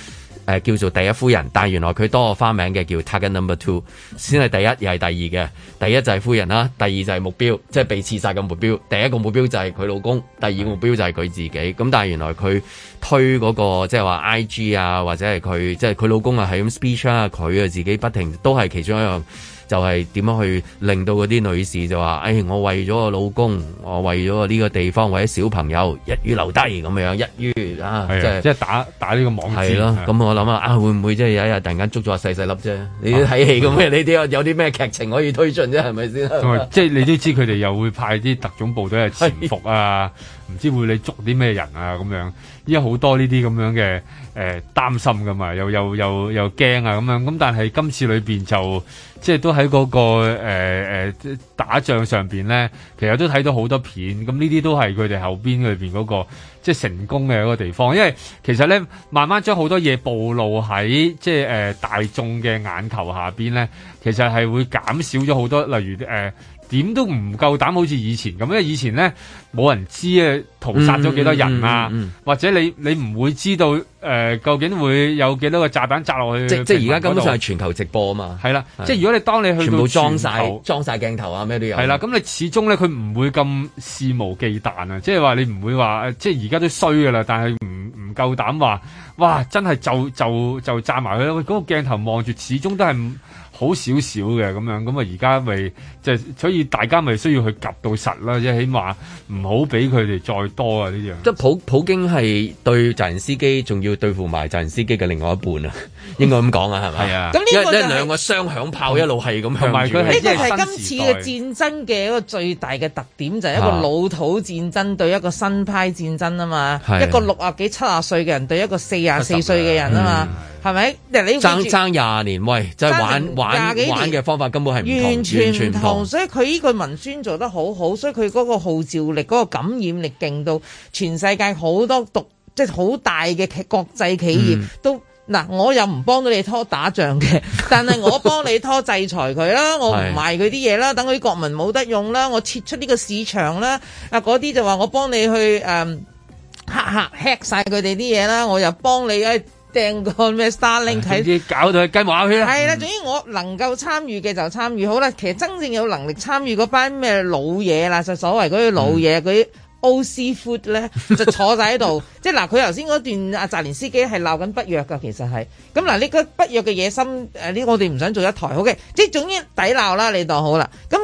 誒叫做第一夫人，但係原來佢多個花名嘅叫 target Number Two，先係第一又係第二嘅。第一就係夫人啦，第二就係目標，即係被刺殺嘅目標。第一個目標就係佢老公，第二個目標就係佢自己。咁但係原來佢推嗰、那個即係話 I G 啊，或者係佢即係佢老公啊，係咁 speech 啊，佢啊自己不停都係其中一樣。就係、是、點樣去令到嗰啲女士就話，哎，我為咗個老公，我為咗個呢個地方，我為咗小朋友，一於留低咁樣，一於啊，即、就、係、是、即打打呢個網。係咯，咁我諗下，啊會唔會即係有一日突然間捉咗個細細粒啫？你睇戲咁嘅、啊、你啲有啲咩劇情可以推進啫？係咪先？即係、就是、你都知佢哋又會派啲特種部隊去潛伏啊，唔知會你捉啲咩人啊咁樣。因為好多呢啲咁樣嘅誒擔心噶嘛，又又又又驚啊咁樣，咁但係今次裏面就即係都喺嗰、嗰個誒、呃、打仗上面咧，其實都睇到好多片，咁呢啲都係佢哋後邊裏面嗰、嗰個即係成功嘅一個地方，因為其實咧慢慢將好多嘢暴露喺即係、呃、誒大眾嘅眼球下邊咧，其實係會減少咗好多，例如誒。呃點都唔夠膽好似以前咁，因為以前咧冇人知殺人啊，屠殺咗幾多人啊，或者你你唔會知道誒、呃，究竟會有幾多個炸彈炸落去？即即而家根本上係全球直播啊嘛。係啦，即係如果你當你去到全，全部裝晒裝晒鏡頭啊，咩都有。係啦，咁你始終咧佢唔會咁肆無忌憚啊，即係話你唔會話，即係而家都衰噶啦，但係唔唔夠膽話，哇！真係就就就，就炸埋佢，嗰、嗰個鏡頭望住始終都係唔。好少少嘅咁樣，咁啊而家咪即係，所以大家咪需要去及到實啦，即係起碼唔好俾佢哋再多啊！呢樣即普普京係對澤連斯基，仲要對付埋澤連斯基嘅另外一半啊，應該咁講啊，係咪？係、嗯、啊，咁呢一兩、嗯這個就是、個雙響炮一路係咁，同埋佢呢個係今次嘅戰爭嘅一個最大嘅特點，就係一個老土戰爭對一個新派戰爭啊嘛、啊，一個六啊幾七啊歲嘅人對一個四啊四歲嘅人啊嘛。嗯嗯係咪？嗱，你爭爭廿年，喂，就係、係、玩玩玩嘅方法根本係完全唔同,同，所以佢依句文宣做得好好，所以佢嗰個號召力、嗰、嗰個感染力勁到全世界好多獨即係好大嘅國際際企業、嗯、都嗱，我又唔幫到你拖打仗嘅，但係我幫你拖制裁佢啦， *laughs* 我唔賣佢啲嘢啦，等佢國民冇得用啦，我撤出呢個市場啦，啊嗰啲就話我幫你去誒黑客 hack 晒佢哋啲嘢啦，我又幫你、哎掟個咩 Starlink，佢、啊、搞到佢雞毛圈，啦、啊！係啦，總之我能夠參與嘅就參與。好啦，其實真正有能力參與嗰班咩老嘢啦，就所謂嗰啲老嘢嗰啲 old seafood 咧，就坐晒喺度。 *laughs* 即係嗱，佢頭先嗰段阿澤連斯基係鬧緊北約㗎。其實係。咁嗱，呢個北約嘅野心，誒呢，我哋唔想做一台好嘅。OK？即係總之抵鬧啦，你當好啦。咁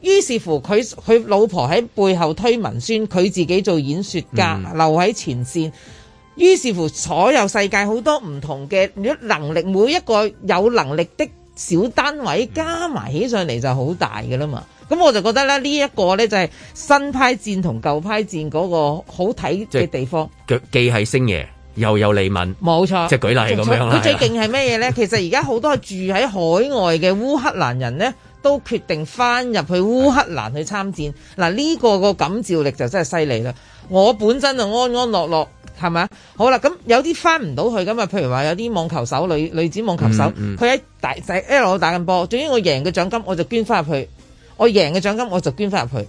於是乎，佢佢老婆喺背後推文宣，佢自己做演說家，嗯、留喺前線。於是乎，所有世界好多唔同嘅能力，每一個有能力的小單位加埋起上嚟就好大㗎啦嘛。咁我就覺得咧，呢一個呢，就係新派戰同舊派戰嗰個好睇嘅地方。既係星爺，又有李敏，冇錯。即係舉例咁樣。佢最勁係咩嘢呢？ *laughs* 其實而家好多住喺海外嘅烏克蘭人呢。都決定翻入去烏克蘭去參戰，嗱呢、呢個個感召力就真係犀利啦！我本身就安安樂樂，係咪？好啦，咁有啲翻唔到去咁啊，譬如話有啲網球手、女女子網球手，佢、嗯、喺、嗯、大就喺 L 打緊波，總之我贏嘅獎金我就捐翻入去，我贏嘅獎金我就捐翻入去。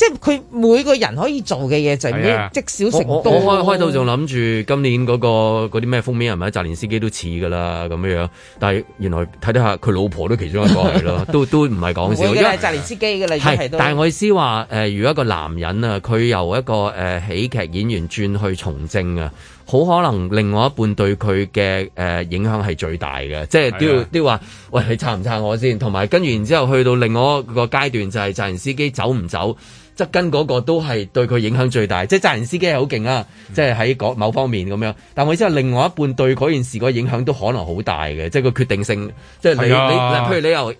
即係佢每個人可以做嘅嘢就咩積少成多。我，我，我開開到仲諗住今年嗰、那個嗰啲咩封面人物、澤連斯基都似噶啦咁樣，但係原來睇睇下佢老婆都其中一個係咯， *laughs* 都都唔係講笑。因係澤連斯基嘅啦，係。但係我意思話，誒、呃，如果一個男人啊，佢由一個誒、呃、喜劇演員轉去從政啊。好可能另外一半對佢嘅誒影響係最大嘅，即係都要是、啊、都要話，喂，你撐唔撐我先？同埋跟住然之後去到另外一個階段，就係、是、責任司機走唔走，則跟嗰個都係對佢影響最大。即係責任司機係好勁啊，嗯、即係喺某方面咁樣。但係我意思另外一半對嗰件事個影響都可能好大嘅，即係個決定性。即係你是、啊、你嗱，譬如你又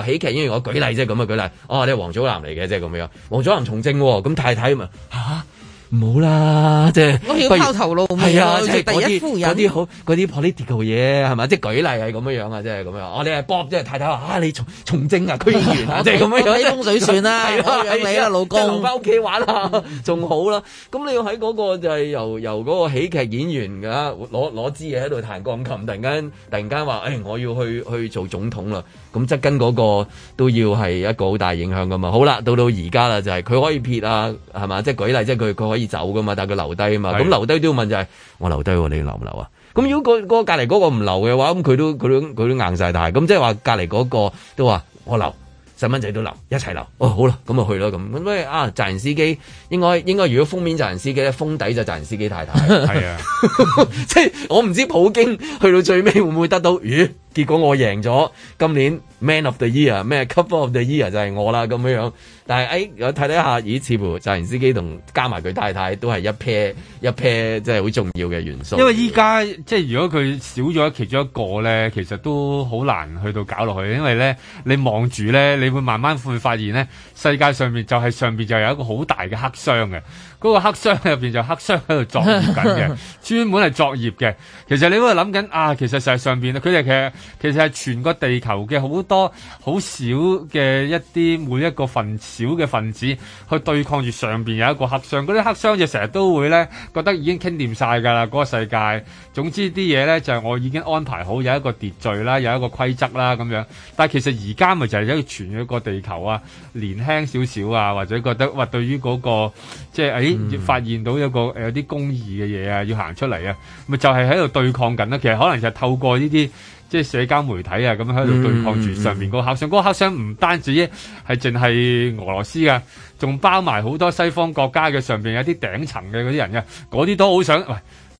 你喜劇演員，我舉例即啫咁嘅舉例。哦，你係王祖藍嚟嘅，即係咁樣。王祖藍從政喎、哦，咁太太嘛。嚇、啊。唔好啦，即、就、係、是、不如拋頭露面咯。即係、啊就是、第一夫人嗰啲好嗰啲 political 嘢係咪即係舉例係咁樣、就是、樣啊，即係咁樣我哋係 Bob 即係太太話啊，你從從政啊，區議員啊，即係咁樣有啲風水算啦、啊，我要養你啊，老公翻屋企玩下仲、嗯、好啦。咁你要喺嗰個即係由由嗰個喜劇演員噶攞攞支嘢喺度彈鋼琴，突然間突然間話誒，我要去去做總統啦。咁側跟嗰個都要係一個好大影響噶嘛。好啦，到到而家啦，就係、是、佢可以撇啊，係嘛，即係舉例，即係佢佢可以走噶嘛，但係佢留低啊嘛。咁留低都要問就係、是，我留低喎，你留唔留啊？咁如果嗰隔籬嗰個唔、那個、留嘅話，咁佢都佢都佢都，都硬晒大。咁即係話隔籬嗰個都話我留，細蚊仔都留，一齊留。哦，好啦，咁啊去啦咁。咁咩啊？責任司機應該應該如果封面責任司機咧，封底就責任司機太太。係啊， *laughs* *laughs* 即係我唔知普京去到最尾會唔會得到魚。咦結果我贏咗，今年 Man of the Year 咩 Cover of the Year 就係我啦咁樣樣，但係誒，我睇睇下，咦，似乎就係司機同加埋佢太太都係一 pair 一 pair，即係好重要嘅元素。因為依家即係如果佢少咗其中一個咧，其實都好難去到搞落去，因為咧你望住咧，你會慢慢會發現咧，世界上面就係上面就有一個好大嘅黑箱嘅。嗰個黑箱入邊就黑箱喺度作業緊嘅，專門係作業嘅。其實你嗰度諗緊啊，其實實係上面，佢哋其實其實係全個地球嘅好多好少嘅一啲每一個份小嘅分子去對抗住上面有一個黑箱，嗰啲黑箱就成日都會咧覺得已經傾掂晒㗎啦，嗰個世界。總之啲嘢咧就係我已經安排好有一個秩序啦，有一個規則啦咁樣。但其實而家咪就係一個全一個地球啊，年輕少少啊，或者覺得哇，或對於嗰個即係要、哎、發現到個有個有啲公義嘅嘢啊，要行出嚟啊，咪就係喺度對抗緊啦。其實可能就係透過呢啲即係社交媒體啊，咁喺度對抗住上面客、嗰個黑箱。嗰個黑箱唔單止係淨係俄羅斯㗎、啊，仲包埋好多西方國家嘅上面有啲頂層嘅嗰啲人呀、啊。嗰啲都好想。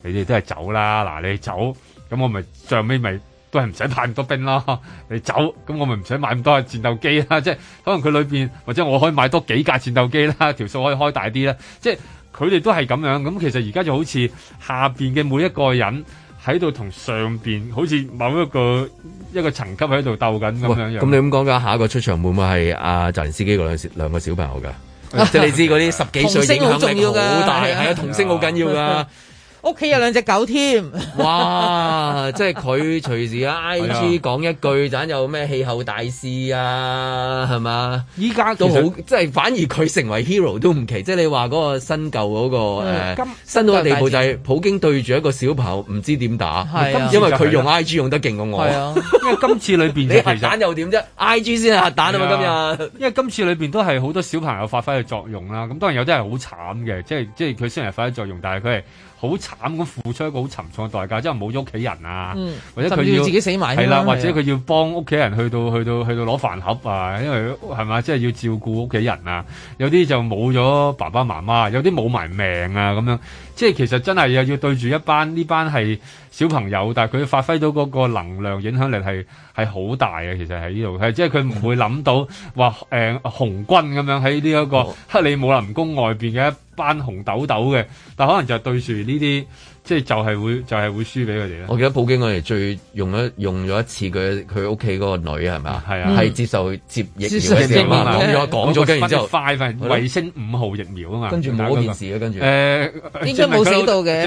喂，你哋都係走啦，嗱，你走，咁我咪最後尾咪。佢唔使派咁多兵咯，你走，咁我咪唔使買咁多戰鬥機啦。即係可能佢裏邊或者我可以買多幾架戰鬥機啦，條數可以開大啲啦。即係佢哋都係咁樣。咁其實而家就好似下邊嘅每一個人喺度同上邊好似某一個一個層級喺度鬥緊咁樣樣。咁你咁講噶，下一個出場會唔會係阿澤連斯基個兩兩個小朋友噶？即 *laughs* 係你知嗰啲十幾歲影響力好大，係啊，童星好緊要噶。 *laughs* 屋企有兩隻狗添， *laughs* 哇！即係佢隨時啊，IG 講一句就、啊、有咩氣候大事啊，係嘛？依家都好，即係反而佢成為 hero 都唔奇。即係你話嗰個新舊嗰、嗰個誒、嗯、新到嘅地步就係普京對住一個小朋友唔知點打、嗯就是，因為佢用 IG 用得勁過我、啊。 *laughs* 因為今次裏邊你核彈又點啫？IG 先核彈啊嘛、啊！今日因為今次裏邊都係好多小朋友發揮嘅作用啦。咁當然有啲係好慘嘅，即係即係佢雖然係發揮作用，但係佢係。好慘咁付出一個好沉重嘅代價，即係冇咗屋企人啊，或者佢要、嗯、甚至要自己死埋啦。係啦，或者佢要幫屋企人去到去到去到攞飯盒啊，因為係咪？即係、就是、要照顧屋企人啊。有啲就冇咗爸爸媽媽，有啲冇埋命啊咁樣。即係其實真係又要對住一班呢班係小朋友，但係佢發揮到嗰個能量影響力係係好大嘅。其實喺呢度即係佢唔會諗到話誒、呃、紅軍咁樣喺呢一個克里姆林宮外邊嘅一班紅豆豆嘅，但可能就係對住呢啲。即係就係會就係、是、會輸俾佢哋咯。我記得普京我哋最用咗用咗一次佢佢屋企嗰個女係咪？係啊，係、嗯、接受接疫苗嗰次嘛？咗講咗跟，欸那個、然之後 five 衛星五號疫苗啊嘛？跟住冇件事咯、那個，跟住誒、呃，應該冇死到嘅，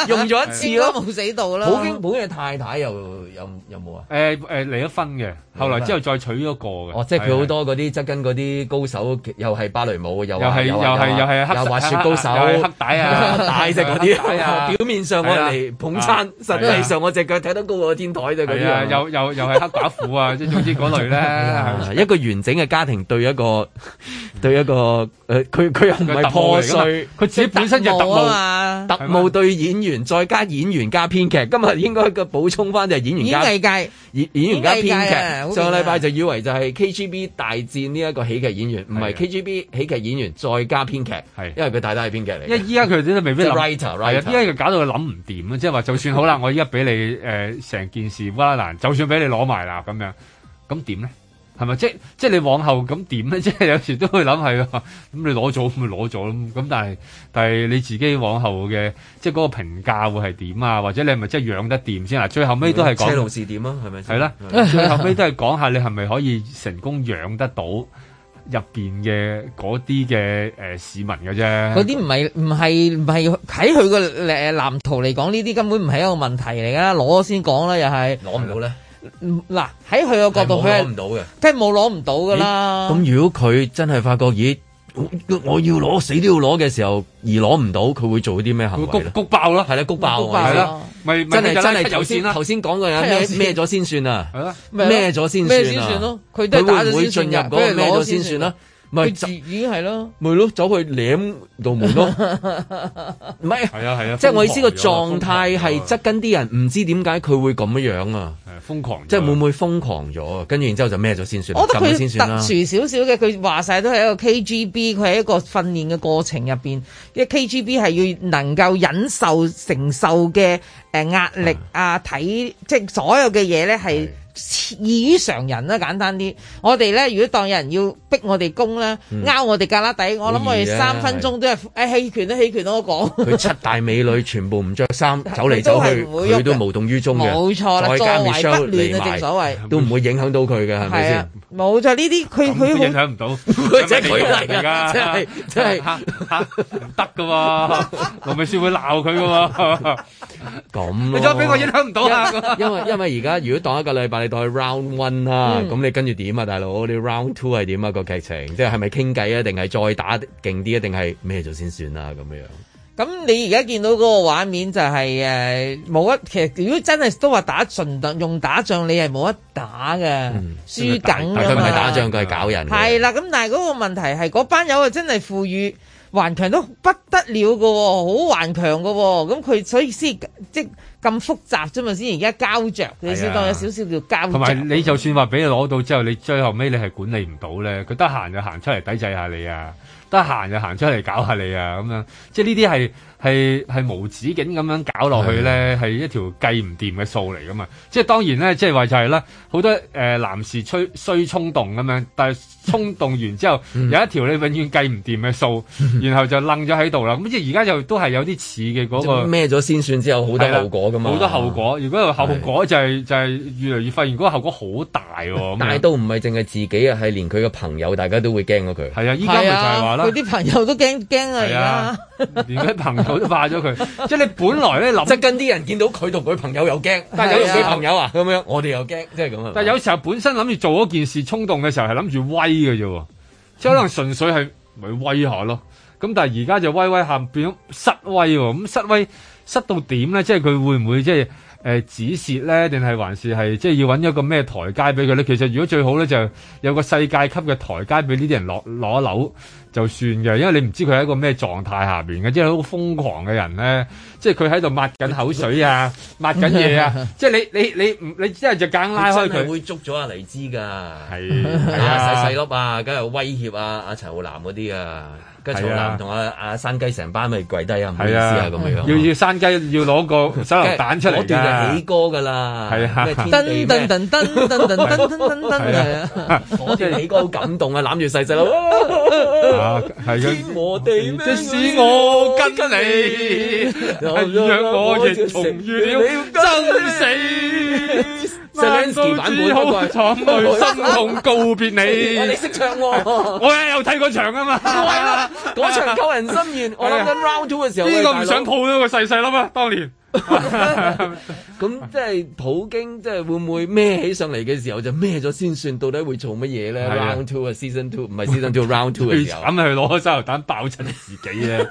啊、 *laughs* 用咗一次都冇死到啦。普京普京嘅太太又有有冇啊？誒誒離咗婚嘅，後來之後再娶咗個嘅、哦。即係佢好多嗰啲側跟嗰啲高手，又係芭蕾舞，又又係又係又係滑雪高手，黑帶啊，大隻嗰啲。表面上我嚟捧餐，啊、實際上我隻腳踢得高過個天台嘅咁樣，又又又係黑寡婦啊，即 *laughs* 總之嗰類咧、啊啊啊。一個完整嘅家庭對一個 *laughs* 對一個，誒，佢、呃、佢又唔係破碎，佢自己本身就特、特務啊，特務對演員，再加演員加編劇。今日應該個補充翻就係演員加演藝界演演員加編劇、啊。上個禮拜就以為就係 KGB 大戰呢一個喜劇演員，唔係、啊、KGB 喜劇演員，再加編劇，係因為佢大大係編劇嚟，因為依家佢點都未必。就是 writer, writer, writer, 即係搞到佢諗唔掂啊！即係話就算好啦，我依家俾你誒，成、呃、件事嘩難，就算俾你攞埋啦咁樣，咁點咧？係咪？即係即係你往後咁點咧？即係有時都會諗係啊。咁你攞咗咪攞咗咁？咁但係但係你自己往後嘅，即係嗰個評價會係點啊？或者你係咪真係養得掂先啊？最後尾都係講車路士點啊？係咪？係啦、啊， *laughs* 最後尾都係講下你係咪可以成功養得到。入邊嘅嗰啲嘅誒市民嘅啫，嗰啲唔係唔係唔係喺佢個誒藍圖嚟講，呢啲根本唔係一個問題嚟噶，攞先講啦，又係攞唔到咧。嗱喺佢個角度，佢攞唔到嘅，即係冇攞唔到噶啦。咁如果佢真係發覺咦？我要攞死都要攞嘅時候而攞唔到，佢會做啲咩行為？谷爆囉，係啦，谷爆係啦，咪真係真係就算啦。頭先講嘅咩咩咗先算啊，係啦，咩咗先算啊，咩咗先算咯，啊？佢，啊，會進入嗰咩咗先算啦，啊。咪自己係咯，咪咯，走去舐道門咯，唔係，係啊係啊，即係、啊、我意思個狀態係執跟啲人，唔知點解佢會咁樣樣啊，瘋、啊、狂，即係會唔會瘋狂咗啊？跟住然之後就咩咗先算，我覺得佢、啊、特殊少少嘅，佢話晒都係一個 KGB，佢係一個訓練嘅過程入邊，因為 KGB 係要能夠忍受承受嘅誒壓力啊，睇，即係所有嘅嘢咧係。異於常人啦、啊，簡單啲。我哋咧，如果當有人要逼我哋攻咧，撓、嗯、我哋胳肋底，我諗我哋三分鐘都係誒棄權咧，棄權都、啊、講。佢、啊、七大美女全部唔着衫走嚟走去，佢都，都無動於衷。冇錯啦，坐懷不亂嘅、啊、正所謂，都唔會影響到佢嘅，係咪先？冇就呢啲，佢佢影響唔到，即係佢嚟噶，即係真係唔、啊啊啊啊、得噶喎， *laughs* 我咪先會鬧佢噶喎。咁、啊，你再俾我影響唔到啊？因為因為而家如果當一個禮拜，你當係 round one 啦、啊，咁、嗯、你跟住點啊，大佬？你 round two 係點啊？個劇情即係係咪傾偈？啊？定係再打勁啲？一定係咩做先算啊？咁樣樣。咁你而家見到嗰個畫面就係，誒，冇一，其實如果真係都話打盡用打仗你係冇得打嘅，嗯、輸緊。佢唔係打仗，佢係搞人。係啦，咁但係嗰個問題係嗰班友啊，真係富裕頑強到不得了㗎喎，好頑強㗎喎。咁佢所以先即咁複雜啫嘛，先而家膠着，你先當有少少叫膠着。同埋、啊、你就算話俾你攞到之後，你最後尾你係管理唔到咧，佢得閒就行出嚟抵制下你啊！得閒就行出嚟搞下你啊！咁樣即係呢啲係。係係無止境咁樣搞落去咧，係、啊、一條計唔掂嘅數嚟噶嘛。即係當然咧，即係話就係啦，好多誒、呃、男士催衰衝動咁樣，但係衝動完之後、嗯、有一條你永遠計唔掂嘅數，然後就愣咗喺度啦。咁即係而家又都係有啲似嘅，嗰個咩咗先算，之後好多後果噶嘛。好、啊、多後果，如果後果就係、是啊、就係、是、越嚟越發現嗰個後果好大喎。但係都唔係淨係自己啊，係連佢嘅朋友，大家都會驚過佢。係啊，依家咪就係話啦，佢啲朋友都驚驚啊。係啊，連佢朋友 *laughs* 就化咗佢，即係你本來咧立即跟啲人見到佢同佢朋友又驚，但係有女朋友啊咁、啊就是、樣，我哋又驚，即係咁樣但有時候本身諗住做嗰件事衝動嘅時候係諗住威㗎啫喎，即 *laughs* 係可能純粹係咪威下咯？咁但係而家就威威喊變咗失威喎，咁失威失到點咧？即係佢會唔會即係誒止蝕咧？定係還是係即係要揾一個咩台階俾佢咧？其實如果最好咧，就有個世界級嘅台階俾呢啲人攞攞樓。就算嘅，因為你唔知佢喺一個咩狀態下邊嘅，即係好瘋狂嘅人咧，即係佢喺度抹緊口水啊，抹緊嘢啊， *laughs* 即係你你你你，即係就硬拉開佢會捉咗阿黎姿㗎，係啊，細細粒啊，梗係、啊啊、威脅啊阿陳浩南嗰啲啊，跟住陳浩南同阿阿山雞成班咪跪低啊，唔好意思啊咁、啊啊啊啊啊、樣，啊、要要山雞要攞個生蛋出嚟，我段係起歌㗎啦，係啊，噔噔噔噔噔噔、啊、 *laughs* 我段起歌好感動啊，攬住細細粒。 *laughs* 係嘅，天和地，即使我跟你，若我亦從遇了生死，萬般滋味，心痛告別你。你識唱喎，我有睇過場啊嘛，嗰場救人心願。我諗緊 round two 嘅時候，呢個唔想抱咗個細細粒啊，當年。咁即係普京，即係會唔會孭起上嚟嘅時候就孭咗先算？到底會做乜嘢咧？Round two 啊，season two 唔係 season two，round two 嘅時候。咁咪去攞個手榴彈爆親你自己咧！